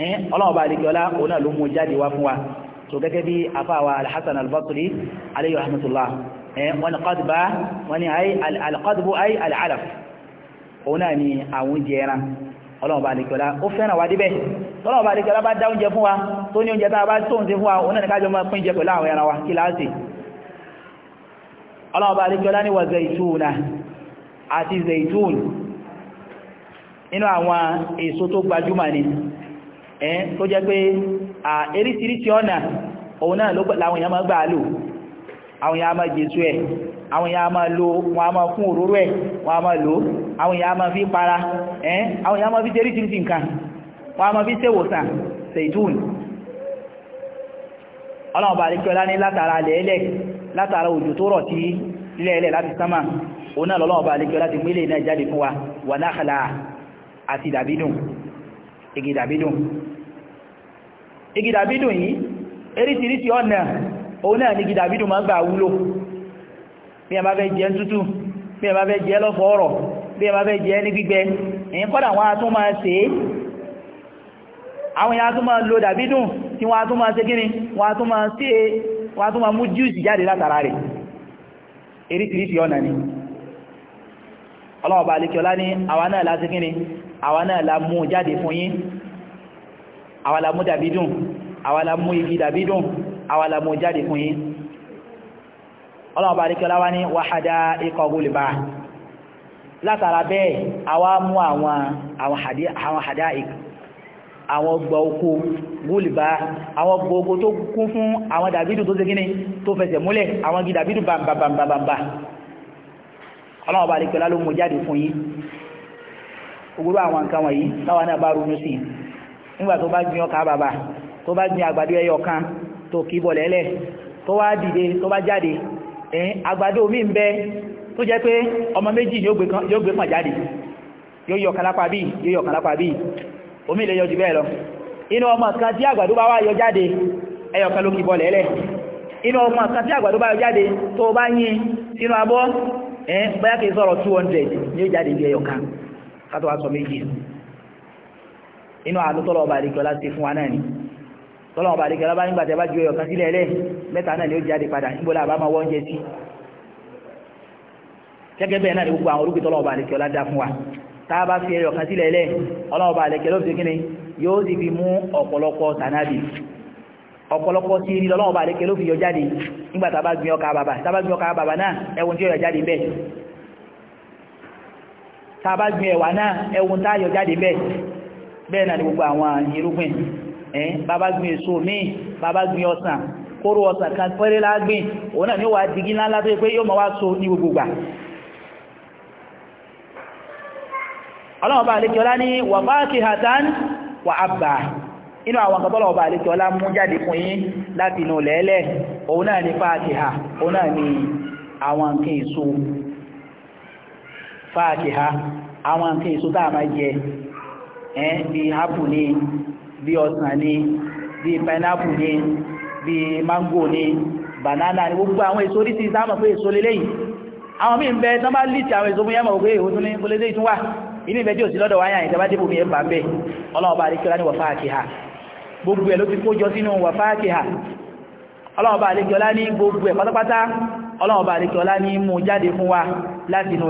ẹn ọlọ́wọ́ bá àdìkẹ́ ọlá òun náà ló mú jáde wá fún wa tó gẹ́gẹ́ bí afáwa alhassan albasri alayhi rahmatullah ẹn wọn kọ́dùbá wọn ni alkọ́dùbú ay al'alaf òun náà ni àwọn oúnjẹ ẹran ọlọ́wọ́ bá àdìkẹ́ ọlá ó fẹ́ràn wá débẹ̀ tọ́lọ́wọ́ bá àdìkẹ́ ọlá bá dá oúnjẹ fún wa ẹ̀ tó jẹ́ pé eríṣiríṣi ọ̀nà òun náà ló làwọn èèyàn máa gbà lò àwọn èèyàn máa jésù ẹ̀ àwọn èèyàn máa lo wọn a máa fún òróró ẹ̀ wọn a máa lò àwọn èèyàn máa fi para ẹ̀ àwọn èèyàn máa fi jẹ́ríṣiríṣi nǹkan wọn a máa fi ṣèwòsàn ṣètùn ọlọ́run bá ríkẹ́ ọlá ní látara lẹ́ẹ̀lẹ́ látara òjò tó rọ̀ sí lẹ́ẹ̀lẹ́ láti sánmà òun náà lọ́lọ́run bá ríkẹ́ ọlá ti mílẹ̀ náà jáde fún wa wà náà àti dàbínú igi dàbínú igi dàbídù yìí eríṣiríṣi ọ̀nà òun náà ní igi dàbídù máa ń gbà wúlò bí ẹ bá fẹ́ jẹ tútù bí ẹ bá fẹ́ jẹ lọ́fọ̀ọ́rọ̀ bí ẹ bá fẹ́ jẹ ní gbígbẹ èyí kọ́dà wọn a tún máa ṣe é àwọn èèyàn tún máa lo dàbídù tí wọ́n a tún máa ṣe kíni wọ́n a tún máa mú júùsì jáde látara rẹ̀ eríṣiríṣi ọ̀nà ni ọlọ́ọ̀bà àlekíọlá ní àwa náà la ṣe kíni àwa náà la mú jáde fún yín àwa la mú dàbí dùn àwa la mú igi dàbí dùn àwa la mú jáde fún yín ọlọ́wọ́ bá ríkẹ́ láwá ní wàhádá ikọ̀ gólìbá látara bẹ́ẹ̀ àwa mú àwọn àdá ikọ̀ àwọn ọgbà oko gólìbá àwọn ọgbà oko tó kún fún àwọn dàbídù tó segínì tó fẹsẹ̀ múlẹ̀ àwọn igi dàbídù bàbàbàbà ọlọ́wọ́ bá ló mú jáde fún yín ogúrú àwọn nǹkan wọ̀nyí táwọn náà bá ronú sí i nígbà tó bá jiyàn ká bàbà tó bá jiyàn àgbàdo ẹyọ kan tó kì í bọ̀ lẹ́lẹ̀ tó wá dìde tó bá jáde ẹ̀yìn àgbàdo omi ń bẹ tó jẹ́ pé ọmọ méjì yóò gbé pọ̀ jáde yóò yọ kalapa bí yóò yọ kalapa bí omi lè yọ jù bẹ́ẹ̀ lọ inú ọmọ kan tí àgbàdo bá wá yọ jáde ẹyọ kan ló kì í bọ̀ lẹ́lẹ̀ inú ọmọ kan tí àgbàdo bá yọ jáde tó bá yín sínú abọ́ ẹ̀yìn bóyá kìí sọ̀rọ̀ 200 ní ó jáde bí ẹyọ kan ká tó wá sọ méjì inú àánú tọ́lọ̀ ọba àdìkọ́lá ti fún wa náà ni tọ́lọ̀ ọba àdìkọ́lá bá nígbà tí a bá ju ẹyọ kan sílẹ̀ ẹlẹ́ mẹ́ta náà ni ó jáde padà níbo la máa wọ́ oúnjẹ sí gẹ́gẹ́ bẹ́ẹ̀ náà ni fún wa tá a bá fi ẹyọ kan sílẹ̀ ẹlẹ́ ọlọ́ọba àdìkọ́lá ó fi kíni yóò sì fi mú ọ̀pọ̀lọpọ̀ ọ̀pọ̀lọpọ̀ sí a bá gbin a bá bẹ́ẹ̀ náà ni gbogbo àwọn irúgbìn ẹ̀ bàbá gbin èso míì bàbá gbin ọsàn kóró ọsàn kan pẹ́rẹ́ lágbìn òun náà ni ó wà digi ńláńlá tó yẹ pé yóò máa wá so ní gbogbo gbà ọlọ́run bá àlékí ọlá ní wà fáàkì ni fáàkì ha òun ni àwọn nǹkan èso fáàkì ha àwọn nǹkan máa jẹ ẹ̀ bíi apple ni bí ọsàn ni bíi pineapple ni bíi mango ni banana ni gbogbo àwọn èso orí ti sáàmù pé èso lélẹ́yìn àwọn míì ń bẹ tán bá lìtì àwọn èso fún yẹ́mọ̀ pé èso tún ní gbólé tún wà inú ìbẹ́ tí ò sí lọ́dọ̀ wáyà ìjọba dìbò mi ẹ̀bà ń bẹ ọlọ́run bá àdékẹ́lá ní wàfáà kìhà gbogbo ẹ̀ ló ti kójọ sínú ọlọ́run bá ní wa láti inú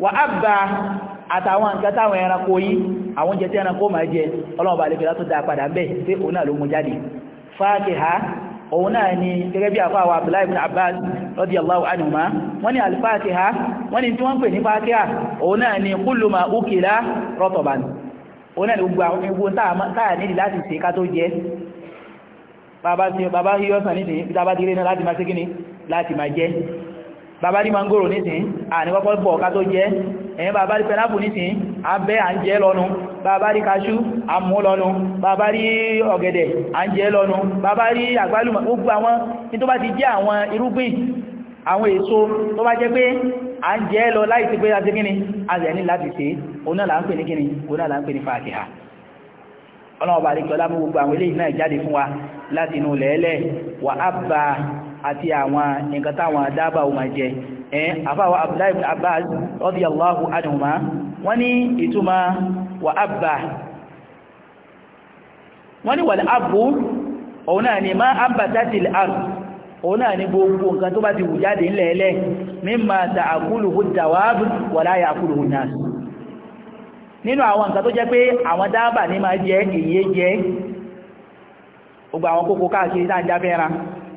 wà á bá àtàwọn nǹkan táwọn ẹranko yìí àwọn oúnjẹ tí ẹranko máa jẹ ọlọ́run bá lè fẹ́lá tó dáa padà ń bẹ̀ pé òun náà ló mú jáde fáàkìhá òun náà ni gẹ́gẹ́ bí àfáà wa abdullahi ibn abbas radiyallahu anhuma wọ́n ní alfáàkìhá wọ́n ní tí wọ́n pè ní fáàkìhá òun ni kullu ma ukila rọ́tọ̀bàn òun náà ni gbogbo àwọn ewu táà nídi láti ṣe ká tó jẹ bàbá yíyọ́sàn nídìí bí tábà dílé náà láti máa ṣe bàbá rí mangoro nísìn àní kọ́kọ́ bọ̀ ká tó jẹ́ ẹ̀yìn bàbá rí pẹnápù nísìn abẹ́ à ń jẹ́ lọ́nu bàbá rí kaṣú àmú lọ́nu bàbá rí ọ̀gẹ̀dẹ̀ à ń jẹ́ lọ́nu bàbá rí àgbálùmọ̀ gbogbo àwọn ní tó bá ti jẹ́ àwọn irúgbìn àwọn èso tó bá jẹ́ pé à ń jẹ́ lọ láì wa láti àti àwọn nǹkan táwọn dábà wọn máa jẹ ẹ̀ àfáwà abdullahi ibn abbas radiyallahu anhuma wọ́n ní ìtumọ̀ wà ábà wọ́n ní wàlá ábù òun náà ni ma ábà tátìl ard òun náà ni gbogbo nǹkan tó bá ti wù jáde ńlẹ̀ẹ́lẹ̀ mimma ta'kuluhu ad-dawab wala ya'kuluhu an-nas nínú àwọn nǹkan tó jẹ́ pé àwọn dábà ní máa jẹ èyí jẹ gbogbo àwọn kókó káàkiri tá à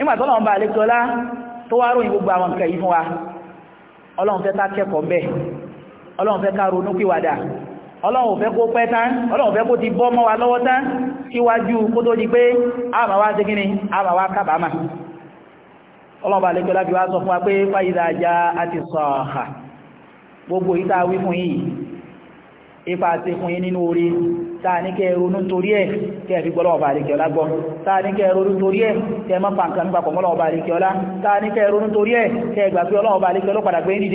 nígbà tó lọ́wọ́ bá àlékọ́lá tó wá ròyìn gbogbo àwọn nǹkan yìí fún wa ọlọ́run fẹ́ ká kẹ́kọ̀ọ́ bẹ́ ọlọ́run fẹ́ ká ronú pìwàdà ọlọ́run fẹ́ kó pẹ́ tán ọlọ́run fẹ́ wa lọ́wọ́ tán síwájú kó tó di pé àmà wá sí kíni àmà wá kábàámà ọlọ́run bá àlékọ́lá fi wá sọ fún wa pé ipa àti fún yín nínú orí táà ní kẹ́ ronú torí ẹ̀ kẹ́ fi gbọ́lọ̀ ọba àríkẹ́ọlá gbọ́ táà ní kẹ́ ronú torí ẹ̀ kẹ́ mọ́ pàǹkà nípa pọ̀mọ́lọ̀ ọba àríkẹ́ọlá táà ní kẹ́ ronú torí ẹ̀ kẹ́ gbà pé ọlọ́ọba àríkẹ́ọlá padà gbé ní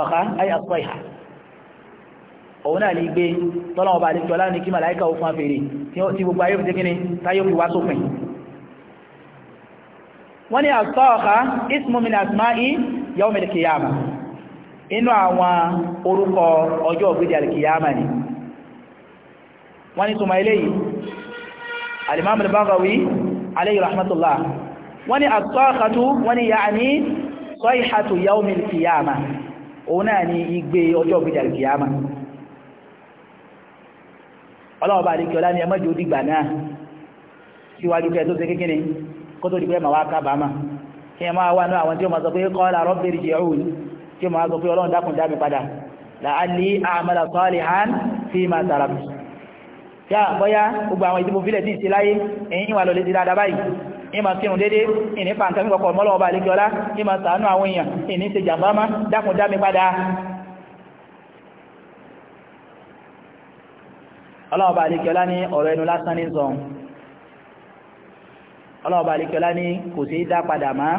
torí ẹ̀ kẹ́ òun náà lè gbé tọ́lọ́wọ́ bá àlejò aláwọ̀ ní kí màláìka ó fún afèrè tí gbogbo ayé òfin kíni táyé òfin wá sópin wọ́n ní àtọ́ọ̀ká ismu min asma'i yawmil qiyamah inú àwọn orúkọ ọjọ́ ògbédì alkiyama ni wọ́n ní túnmà eléyìí al-imam al-Baghawi alayhi rahmatullah wọ́n ní ni igbe ọjọ́ ọlọ́wọ́ bá àdékẹ́ ọlá ní ẹmọ́jì ó dìgbà náà síwájú kẹ́ tó ṣe kékeré kó tó di pé màá wá kábàámà kí ẹ máa wá ní àwọn tí ó máa sọ pé qala rabbi irji'un tí ó máa sọ pé ọlọ́run dákun dá mi padà la'alli a'mala salihan fima taraktu yá bọ́yá gbogbo àwọn ìdìbò fílẹ̀ tí ì sí láyé èyí wà lọ́lẹ́ ti dáadáa báyìí ìmọ̀ sí ìrùn dédé ìnípa nǹkan mí kọ̀kọ̀ mọ́lọ́wọ́ bá àlékiọlá ìmọ̀ ṣàánú àwọn èèyàn ìní ṣe jàmbá má dákun dá padà ọlọ́ọ̀bà àríkẹ́lá ní ọ̀rọ̀ ẹnu lásán ní sọ ọlọ́ọ̀bà àríkẹ́lá ní kò sí dá padà máa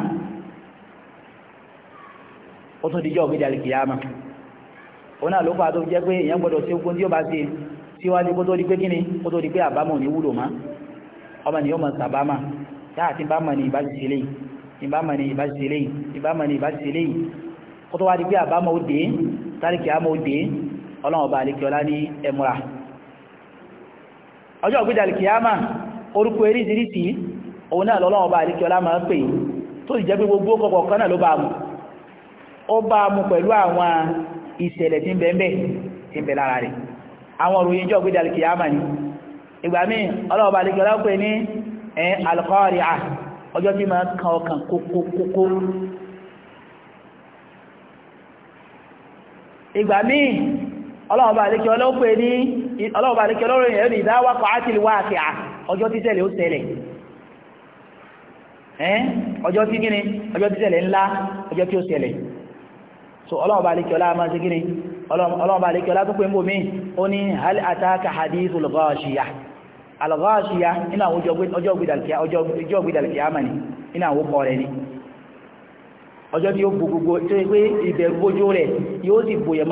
ó tún díjọ́ ògbé jàríkìyàmà òun náà ló pàá tó jẹ́ pé èyàn gbọ́dọ̀ sí ogun tí ó bá sí síwájú kó tó di pé kíni kó tó di pé àbámọ̀ ní wúlò má ọmọ ni mọ̀ sàbámà táà ní ìbá ní ìbá tó wá pé àbámọ̀ ní ọjọ́ ọ̀gbẹ́dà alìkìyàmà orúkọ eríṣiríṣi òun náà lọ́lọ́wọ́ bá alìkìyàlá máa pè tó sì jẹ́ pé gbogbo ọkọ náà ló bá mu ó bá mu pẹ̀lú àwọn ìṣẹ̀lẹ̀ tí ń bẹ lára rẹ̀ àwọn òròyìn ọjọ́ ọ̀gbẹ́dà ọlọ́ọ̀bá àríkẹ́ ọlọ́pẹ́ ní ọlọ́ọ̀bá àríkẹ́ ọlọ́rọ̀ èèyàn ní ìdáwàkọ̀ àti ìwà àkíà ọjọ́ títẹ̀lẹ̀ ó tẹ̀lẹ̀ ẹ́n ọjọ́ tí gíní ọjọ́ títẹ̀lẹ̀ ńlá ọjọ́ tí ó so ọlọ́ọ̀bá àríkẹ́ ọlá máa ṣe gíní ọlọ́ọ̀bá àríkẹ́ ọlá tó ó ataka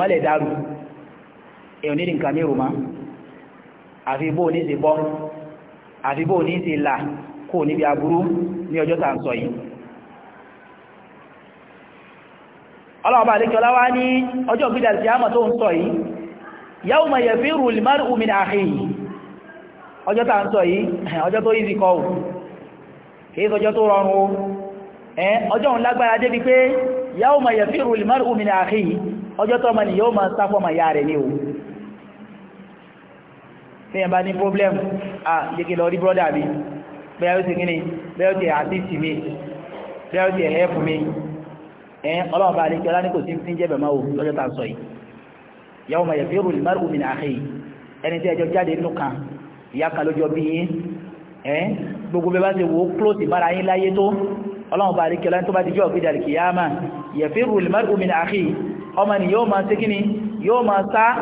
ni tí ó èyàn ní nǹkan ní roma àfi bó ní ṣe bọ́ àfi bó ní ṣe là kó níbi aburú ní ọjọ́ tà ń sọ yìí ọlọ́ọ̀bá àdékọ́lá wá ní ọjọ́ gbídà sí àmà tó ń sọ yìí yawma yafiru al-mar'u min akhihi ọjọ́ tà ń sọ yìí ọjọ́ tó yìí kọ́ kìí sọjọ́ tó rọrùn yafiru al-mar'u min akhihi ọjọ́ tó mọ̀ ni yóò máa ní ẹ̀bá ní problem ah jẹ́kẹ́ lọ rí brọ́dà mi bẹ́ẹ̀ ó ti gíní bẹ́ẹ̀ ó ti àtìsì mi bẹ́ẹ̀ ó ti ẹ̀ẹ́fù mi ẹ̀ ọlọ́run bá àlejò ọlá ní kò sí ń jẹ́ bẹ̀mọ́ o lọ́jọ́ sọ yìí yàwó ma yẹ̀fẹ́ rò lìmárù mi náà hẹ́yì ẹni tí ẹjọ́ jáde nínú kan ìyá kan lójọ bí yín ẹ̀ gbogbo bẹ́ẹ̀ bá ti wò ó close ìbára yín láyé tó ọlọ́run bá àlejò ọlá tó bá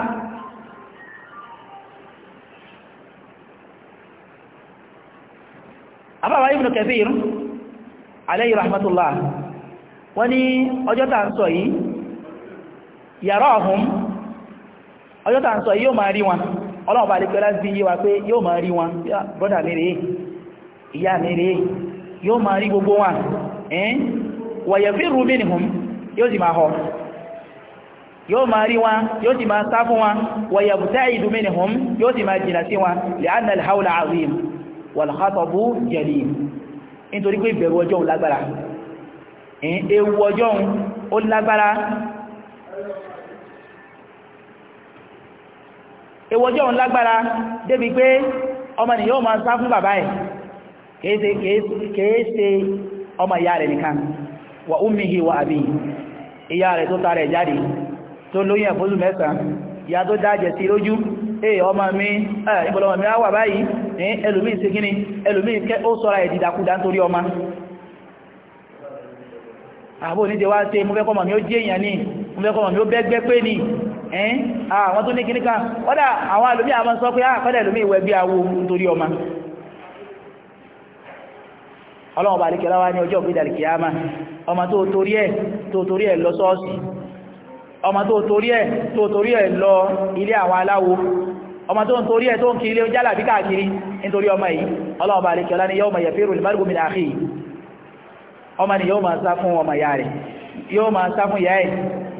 àbáwá Ibn Kathir alayhi rahmatullah wani ní ọjọ́ yi ń sọ yìí yarahum ọjọ́ tà ń sọ yìí yóò máa rí wọn ọlọ́ọ̀bá alẹ́kọ́lá sí yíwa pé yóò máa rí mi mi gbogbo wa yafirru minhum yóò sì máa họ yóò máa rí wọn yóò sì wa yabta'idu minhum al-hawla wàlùkátọ̀bù jẹ̀lì nítorí pé ìbẹ̀rù ọjọ́ lágbára ewu ọjọ́ ó lágbára ewu ọjọ́ lágbára débi pé ọmọ ni yóò máa sá fún bàbá ẹ̀ kèése ọmọ ìyá rẹ̀ nìkan wà ummihi wà àbí ìyá rẹ̀ tó tààrẹ jáde tó lóyún ẹ̀fọ́sù mẹ́sàn ìyá tó dájẹ̀ sí lójú ẹ̀ ọmọ mi ẹ̀ ìbọ̀lọmọ̀ mi á wà báyìí Eh, ẹlòmí ṣe gíní ẹlòmí ó sọ́ra ìdìdàkúdà nítorí ọmọ àbò ní wá ṣe mú fẹ́kọ́mọ̀ ó jẹ́ èèyàn ní mú ni, ó bẹ́gbẹ́ pé ní ẹ́n àwọn tó ní kan àwọn àwọn sọ pé àkọ́dà ẹlòmí ìwẹ̀ bí awo nítorí ọmọ ọlọ́wọ́ bá ní ọjọ́ ọmọ tó ń torí ẹ̀ tó ń kiri ilé jálà bí káàkiri nítorí ọmọ yìí ọlọ́run bá àlekẹ́ ọlá ní yawma yafiru al-mar'u min akhihi ọmọ ni yóò máa sá fún ọmọ ìyá rẹ̀ yóò máa sá fún ìyá ẹ̀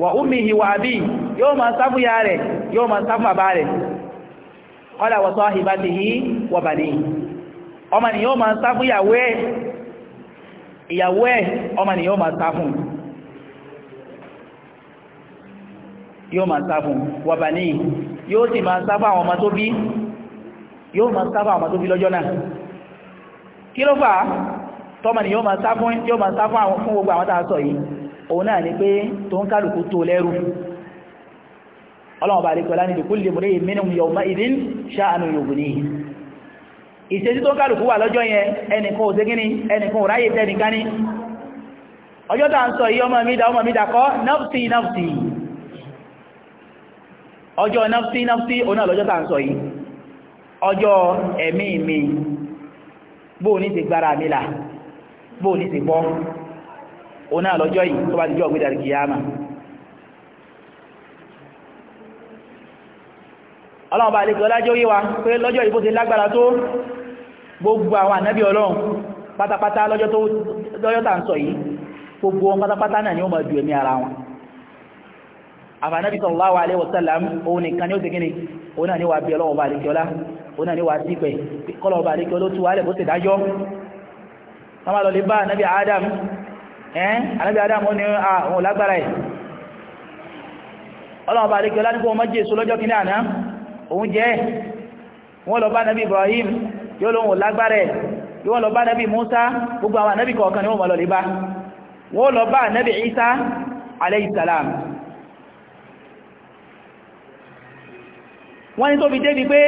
wa ummihi wa abihi yóò máa sá fún ìyá rẹ̀ yóò máa sá fún bàbá rẹ̀ qala wa sahibatihi wa banihi ọmọ ni yóò máa ọmọ ni yóò máa sá fún yóò máa yóò sì máa sábà àwọn ọmọ tó bí yóò máa sábà àwọn ọmọ tó bí lọ́jọ́ náà kí ló fà á tọ́mọ ni yóò máa sá fún yóò gbogbo àwọn tá sọ yìí òun náà ni pé tó ń kálukú tó lẹ́rù ọlọ́run bá rí pẹ̀lá ní kulli mri'in minhum yawma'idhin sha'nun yughnihi ìṣesí tó kálukú wà lọ́jọ́ yẹn ẹnìkan ò ségíní nafsi nafsi ọjọ́ nafsi nafsi oná lọ́jọ́ tàà ń sọ yìí ọjọ́ ẹ̀mí mi bóò ní ti gbára mi là bóò ní ti bọ́ oná lọ́jọ́ yìí tó bá ti jọ ọ̀gbẹ́dà kìyàmà ọlọ́run bá lè kí ọlájọ́ yíwa pé lọ́jọ́ yìí bó ti lágbára tó gbogbo àwọn ànábì ọlọ́run pátápátá lọ́jọ́ tàà ń sọ yìí gbogbo wọn pátápátá náà ni ó máa ju ẹ̀mí ara wọn àfànàbí sallallahu alaihi wasallam òun nìkan ní ó ti gíní òun náà ni wà bí ọlọ́wọ́ bá àríkẹ́ọlá òun náà ni wà sí pẹ̀ kọ́lọ̀ bá àríkẹ́ ló tú wálẹ̀ bó ti dájọ́ sọmọ lọ lè adam ẹ́n ànábì adam ó ní àwọn lágbára ẹ̀ ọlọ́wọ́ bá àríkẹ́ọlá ní kó wọ́n mọ́jì èso lọ́jọ́ kìíní àná lọ bá ànábì ibrahim yóò lóhun lágbára ẹ̀ yóò lọ bá ànábì musa gbogbo àwọn ànábì kọ̀ọ̀kan ni wọ́n mọ́ lọ lè bá wọ́n lọ bá ànábì isa alayhi salam wọ́n ni tó fi débi pé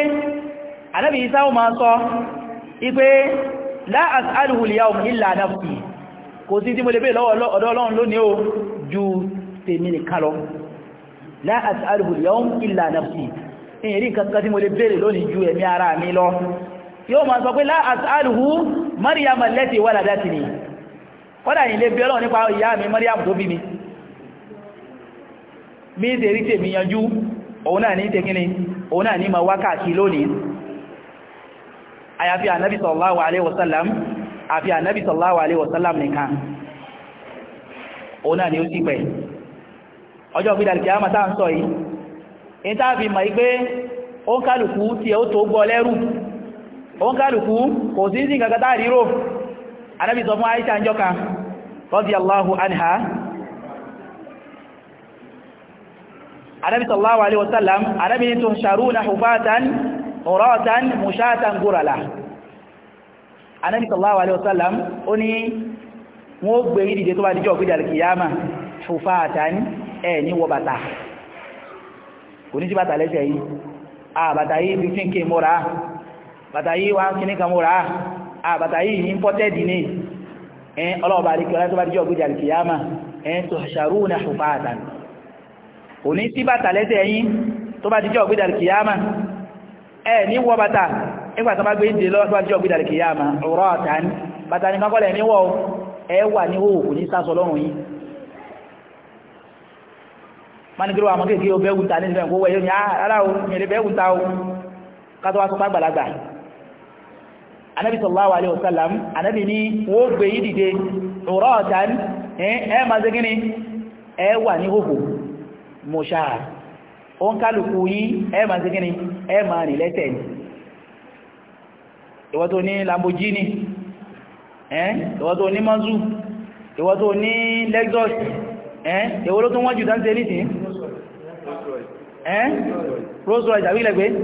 anábi isa o máa sọ ipé la as'aluhu al-yawm illa nafsi kò sí tí mo lè bèèrè lọ́wọ́ ọ̀dọ̀ Ọlọ́run lónìí o ju tèmi nìkan lọ la as'aluhu al-yawm illa nafsi ìyẹ̀rí nǹkan tí mo lè bèèrè lónìí ju ẹ̀mí ara mi lọ la as'aluhu maryam allati waladatni kọ́dà ní ilé bí Ọlọ́run nípa ìyá mi maryam tó bí mi mi tèrí tèmi yanjú òun náà òun náà ní ma wákàtí lónìí àyàfi ànábì sallallahu alaihi wasallam àfi ànábì sallallahu alaihi wasallam nìkan òun náà ni ó sì pẹ̀ ọjọ́ ìgbìdàlì kìí àmàtà ń sọ yìí in tàà fi ma ipé ó ń kálùkú tí ó tó gbọ́ lẹ́rù ó ń anha anábi sallallahu alaihi wasallam anábi ní tuhsharuna hufatan uratan mushatan gurala anábi sallallahu alaihi wasallam ó ní wọ́n gbé yìí dìde tó bá díjọ́ gbídà kìyàmà hufatan ẹ̀ ní wọ bàtà kò ní sí bàtà lẹ́sẹ̀ yìí a bàtà yìí 15k mọ́ra bàtà yìí 1kìníkà mọ́ra a bàtà yìí imported ní ọlọ́ọ̀bà àríkẹ́ ọlá tó bá díjọ́ gbídà kìyàmà ẹ̀ tuhsharuna hufatan kò ní sí bàtà lẹ́sẹ̀ yín tó bá ti jọ gbídà kìyàmà ẹ ní wọ bàtà nígbà tó bá gbé ìdè lọ tó bá jọ gbídà kìyàmà ọ̀rọ̀ ọ̀tà ní bàtà ní kankọ́lẹ̀ ní wọ́ ẹ wà ní hò kò ní sásọ lọ́rùn yín mánikiri wa mọ́kè kí o bẹ́ wùta nílùú ẹ̀kọ́ ni wọ́n gbé yìí dìde ẹ wà ní hòhò mọ̀ṣáà o ń kálùkù yí ẹ máa sí kíni ẹ máa rìn lẹ́sẹ̀ ni ìwọ tó ní Lamborghini ìwọ tó ní manzu ìwọ tó ní Lexus ìwọ ló tún wọ́n jù dáńtẹ́ nìsín Rolls Royce àbí ilẹ̀gbẹ́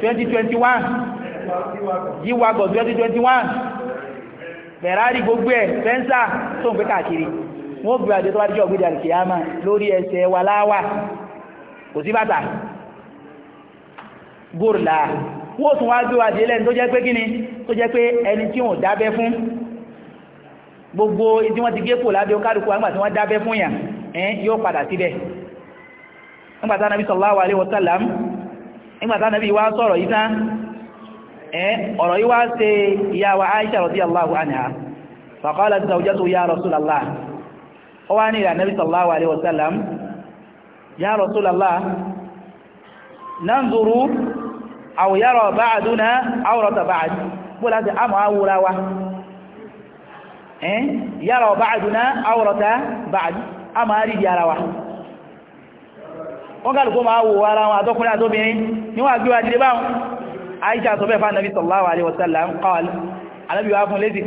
2021 yíwagọ̀ 2021 Ferrari gbogbo ẹ̀ fẹ́ńsà tó ń pẹ́ káàkiri wọ́n gbé a tó bá jẹ́ ọ̀gbìn ìdàrúkì yá máa lórí ẹsẹ̀ wa láwà kò sí bàtà bòrìlà wọ́n tún wá gbé àdé lẹ́nu tó jẹ́ pé kíni tó jẹ́ pé ẹni tí wọ́n dábẹ́ fún gbogbo tí wọ́n ti gé kò lábẹ́ kálukú àgbà tí wọ́n dábẹ́ fún yóò padà síbẹ̀ ó wá ní ìrànàbí sallallahu alaihi wasallam ya rasulallah nanzuru aw yara ba'duna awrata ba'd bó láti àmọ́ àwúra wa ẹ́n yara ba'duna awrata ba'd a máa rí di ara wa wọ́n kàlùkọ́ máa wò ara wọn àtọ́kùnrin àtọ́bìnrin níwọ̀n àgbíwà jílé báwọn Aisha sọ bẹ́ẹ̀ fún Ànábì sallallahu alaihi wasallam qala Ànábì fún létí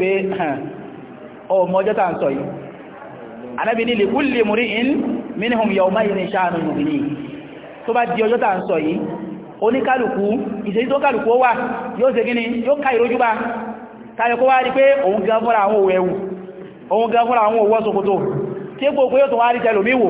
anábi ní lèkúlè múrí in minhum yawma irin sha'anu mubini tó bá di ọjọ́ tàà ń sọ yìí oníkálùkù ìṣẹ́jú tó kálùkù ó wà yóò ṣe gíní yóò ká ìrójúbá tàbí kó wá rí pé òun gan fúnra àwọn òwò ẹ̀wù òun gan fúnra àwọn òwò ṣòkòtò tí ó gbogbo yóò tó wá rí tẹlòmí wò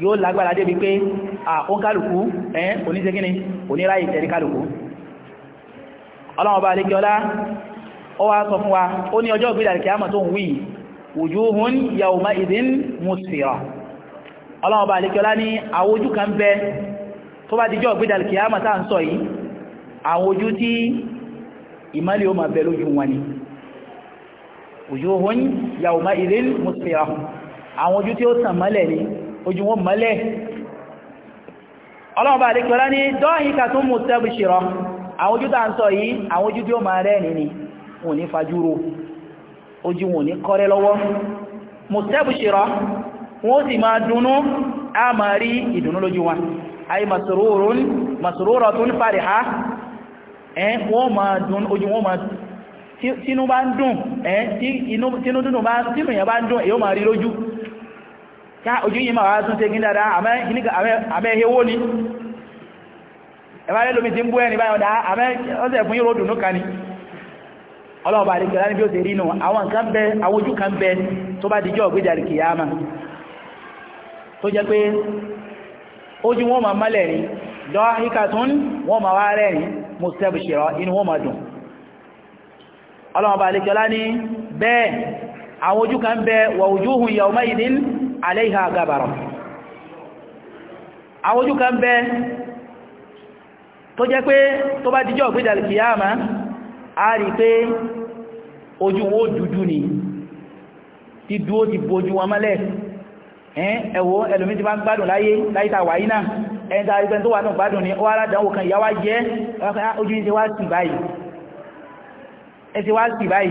yóò lágbára débi pé àwọn kálùkú ẹ́ oníṣẹ́gíní oníráyì tẹ̀rí kálùkú ọlọ́wọ́ bá lè kí ọlá ó wá sọ fún wa ó ní ọjọ́ ìgbìdà kí a mọ̀ tó ń wí wujuhun yawma idhin musfira ọlọ́wọ́ bá lè kí ọlá ní àwọn ojú kan bẹ tó bá dijọ́ ìgbìdà kí a mọ̀ tá à ń sọ yìí àwọn àwọn ojú tí ó tàn mọ́lẹ̀ ni ojú wọn mọ́lẹ̀ ọlọ́ọ̀bá àdíkọ́lá ní dọ́ọ̀híkà tó mú tẹ́bù ṣìrọ àwọn ojú tàà ń sọ yìí àwọn ojú tí ó máa rẹ̀ nìní wọn ní fajúro ojú wọn ní kọ́rẹ́ lọ́wọ́ mú tẹ́bù ṣìrọ wọ́n sì máa dùnnú a máa rí ìdùnnú lójú wọn ay masrurun masruratun fariha ẹn wọ́n máa dùn ojú wọn máa tínú bá ń dùn ẹn ká ojú yìí ma wá tún ṣe gín dáadáa àmẹ́ ẹ̀hẹ́wó ni ẹ̀bárẹ́ lómi ti ń bú ẹni báyọ̀ dáa àmẹ́ ọ́sẹ̀ fún yóò ròdùn lókà ni ọlọ́ọ̀bà àríkẹ̀ láti bí ó ṣe rí nù àwọn nǹkan bẹ àwọn ojú kan bẹ tó bá dijọ́ ọ̀gbẹ́jàrí kìyàmà tó jẹ́ pé ojú wọn ma mọ́lẹ̀ ni dọ́híkàtún wọn ma wá rẹ̀ ni mustabshira inú wọn ma dùn ọlọ́ọ̀bà àríkẹ̀ lá ní bẹ́ẹ̀ kan bẹ wa wujuhun yawma idin aléìhà gàbàrà àwọn ojú kan bẹ tó jẹ́ pé tó bá dijọ́ ìgbédàlì kìyàmá a rí pé ojú wọn dúdú ni ti dúó ti bojú wọn mọ́lẹ̀ ẹ̀wọ́ ẹlòmí ti bá ń gbádùn láyé láyíta wáyí náà ẹ̀yìntà ìgbẹ́ tó wà náà gbádùn ní ó aládánwò kan ìyá jẹ́ ah, ojú ní ti wá sí báyìí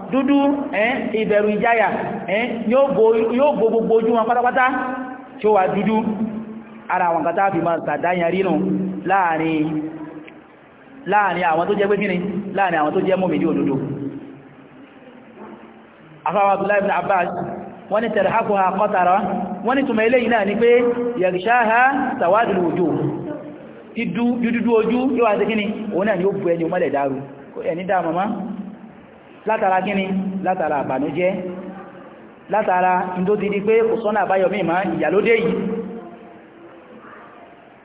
dúdú ìbẹ̀rù ìjáyà yóò bo gbogbo ojú wọn pátápátá tí ó wà dúdú ara àwọn kan táàfi máa sàdáyà rínú láàrin àwọn tó jẹ́ pé kíni láàrin àwọn tó jẹ́ mọ́mìdí òdodo afáwọn Abdullahi ibn Abbas wọ́n ni tẹ̀rẹ̀hákù ha kọ́tàrà wọ́n ni túnmọ̀ eléyìí náà ni pé yàgìṣá ha tàwádìí ojú dúdú ojú kíni òun náà ni ó bu ẹni mọ́lẹ̀ dáru ẹni dá mọ́má látara kíni látara àbànújẹ́ látara ndódidi pé kò sọ́nà àbáyọ mímọ̀ ìyàlódé yìí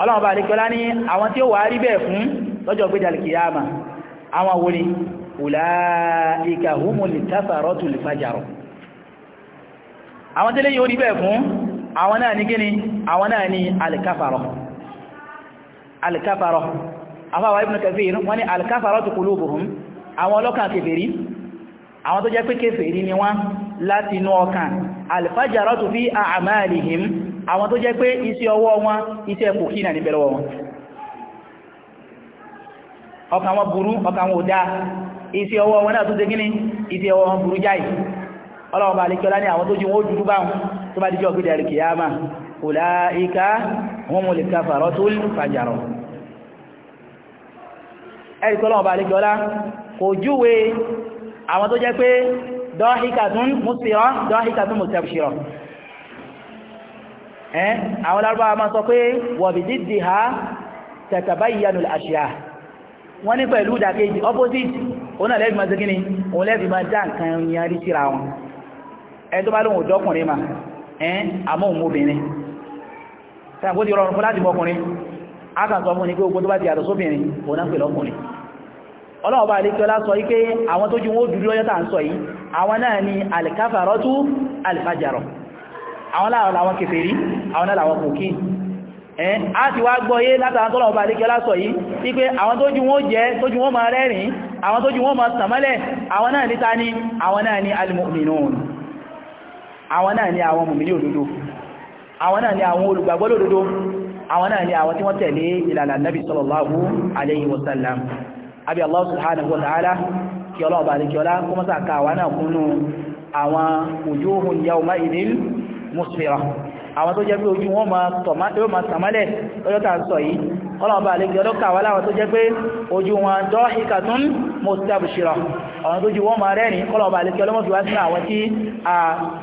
ọlọ́run bá àdékọ́lá ní àwọn tí ó wà rí bẹ́ẹ̀ fún lọ́jọ́ gbéjàlìkìyàmà àwọn wòlí ulaika humul kafaratu al-fajara àwọn tẹ́lẹ̀ yóò rí bẹ́ẹ̀ fún àwọn náà ní gíní àwọn náà ní al-kafara al-kafara afáwà kèfèrí àwọn tó jẹ́ pé kèfèrí ni wọ́n láti inú ọkàn alfajaratu fi a'malihim àwọn tó jẹ́ pé iṣẹ́ ọwọ́ wọn iṣẹ́ kòkínà ní bẹ̀rẹ̀ wọn ọkàn wọn burú ọkàn wọn ò dáa iṣẹ́ ọwọ́ wọn náà tó jẹ́ gíní iṣẹ́ ọwọ́ wọn burú jáì ọlọ́wọ́ bá àwọn tó ulaika humul kafaratul fajara ẹ̀rìkọ́lọ́wọ́ bá lè kíọ́lá àwọn tó jẹ́ pé dọ́híkàtún mùsírọ̀ dọ́híkàtún mùsírọ̀ ẹ́ àwọn lárúbáwá máa sọ pé wọ̀bì dídì ha tẹ̀tàbá ìyanu àṣìá wọ́n ní pẹ̀lú ìdàkejì opposite òun náà lẹ́bí máa ṣe kíni òun lẹ́bí máa dá nǹkan yan rí síra wọn ẹ tó bá lóhun òdọ́kùnrin mà ẹ́ ni pé ogun tó bá ti yàtọ̀ sóbìnrin òun ọlọ́ọ̀bá alékiọlá sọ wípé àwọn tó jí wọ́n dúdú ọjọ́ tàà ń sọ yìí àwọn náà ni alkafarọ́tú alfajarọ̀ àwọn láàrín àwọn kèfèrí àwọn náà làwọn kòkí a ti wá gbọ́yé látàrí tọ́lọ̀ọ̀bá alékiọlá sọ yìí sí àwọn tó jí wọ́n jẹ́ tó jí wọ́n máa rẹ́rìn àwọn tó jí wọ́n máa tàmálẹ̀ àwọn náà ní tani ni àwọn náà ni àwọn mùmìnì àwọn náà ni àwọn olùgbàgbọ́ lódodo àwọn náà ni àwọn tí wọ́n tẹ̀lé ìlànà nabi sallallahu àbí Allah subhanahu wa ta'ala kí ọlọ́ọ̀bà àríkíọlá kó mọ́ sàkà wà náà kúnnú àwọn wujuhun yawma idhin musfira àwọn tó jẹ́ pé ojú wọn ma tọ̀mọ́lẹ̀ lọ́jọ́ tà ń sọ yìí ọlọ́ọ̀bá àlejò ọlọ́kà wà láwọn tó jẹ́ pé ojú wọn dọ́híkà tún mọ́sílábùsírà ọ̀nà tó ju wọ́n máa rẹ́ni ọlọ́ọ̀bá àlejò ọlọ́mọ̀fì wá sínú àwọn tí a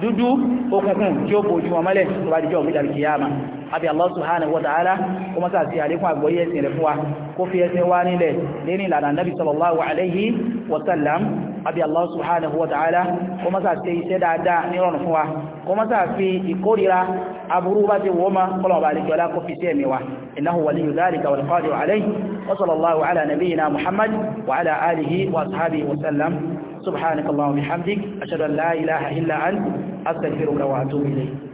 dúdú òkùnkùn tí ó bòjú wọn mọ́lẹ̀ tó bá dijọ́ ògbéjà kìyàmà àbí Allah subhanahu àbí Allah subhanahu wa ta'ala kó mọ́sá ṣe iṣẹ́ dáadáa ní rọrùn fún wa kó mọ́sá fi ìkórira aburú bá ti wọ́n ma kọlọ̀bà alìkọ́lá kó fi sí ẹ̀mí wa innahu waliyu dhalika wal qadiru alayhi wa sallallahu ala nabiyyina muhammad wa ala alihi wa ashabihi wa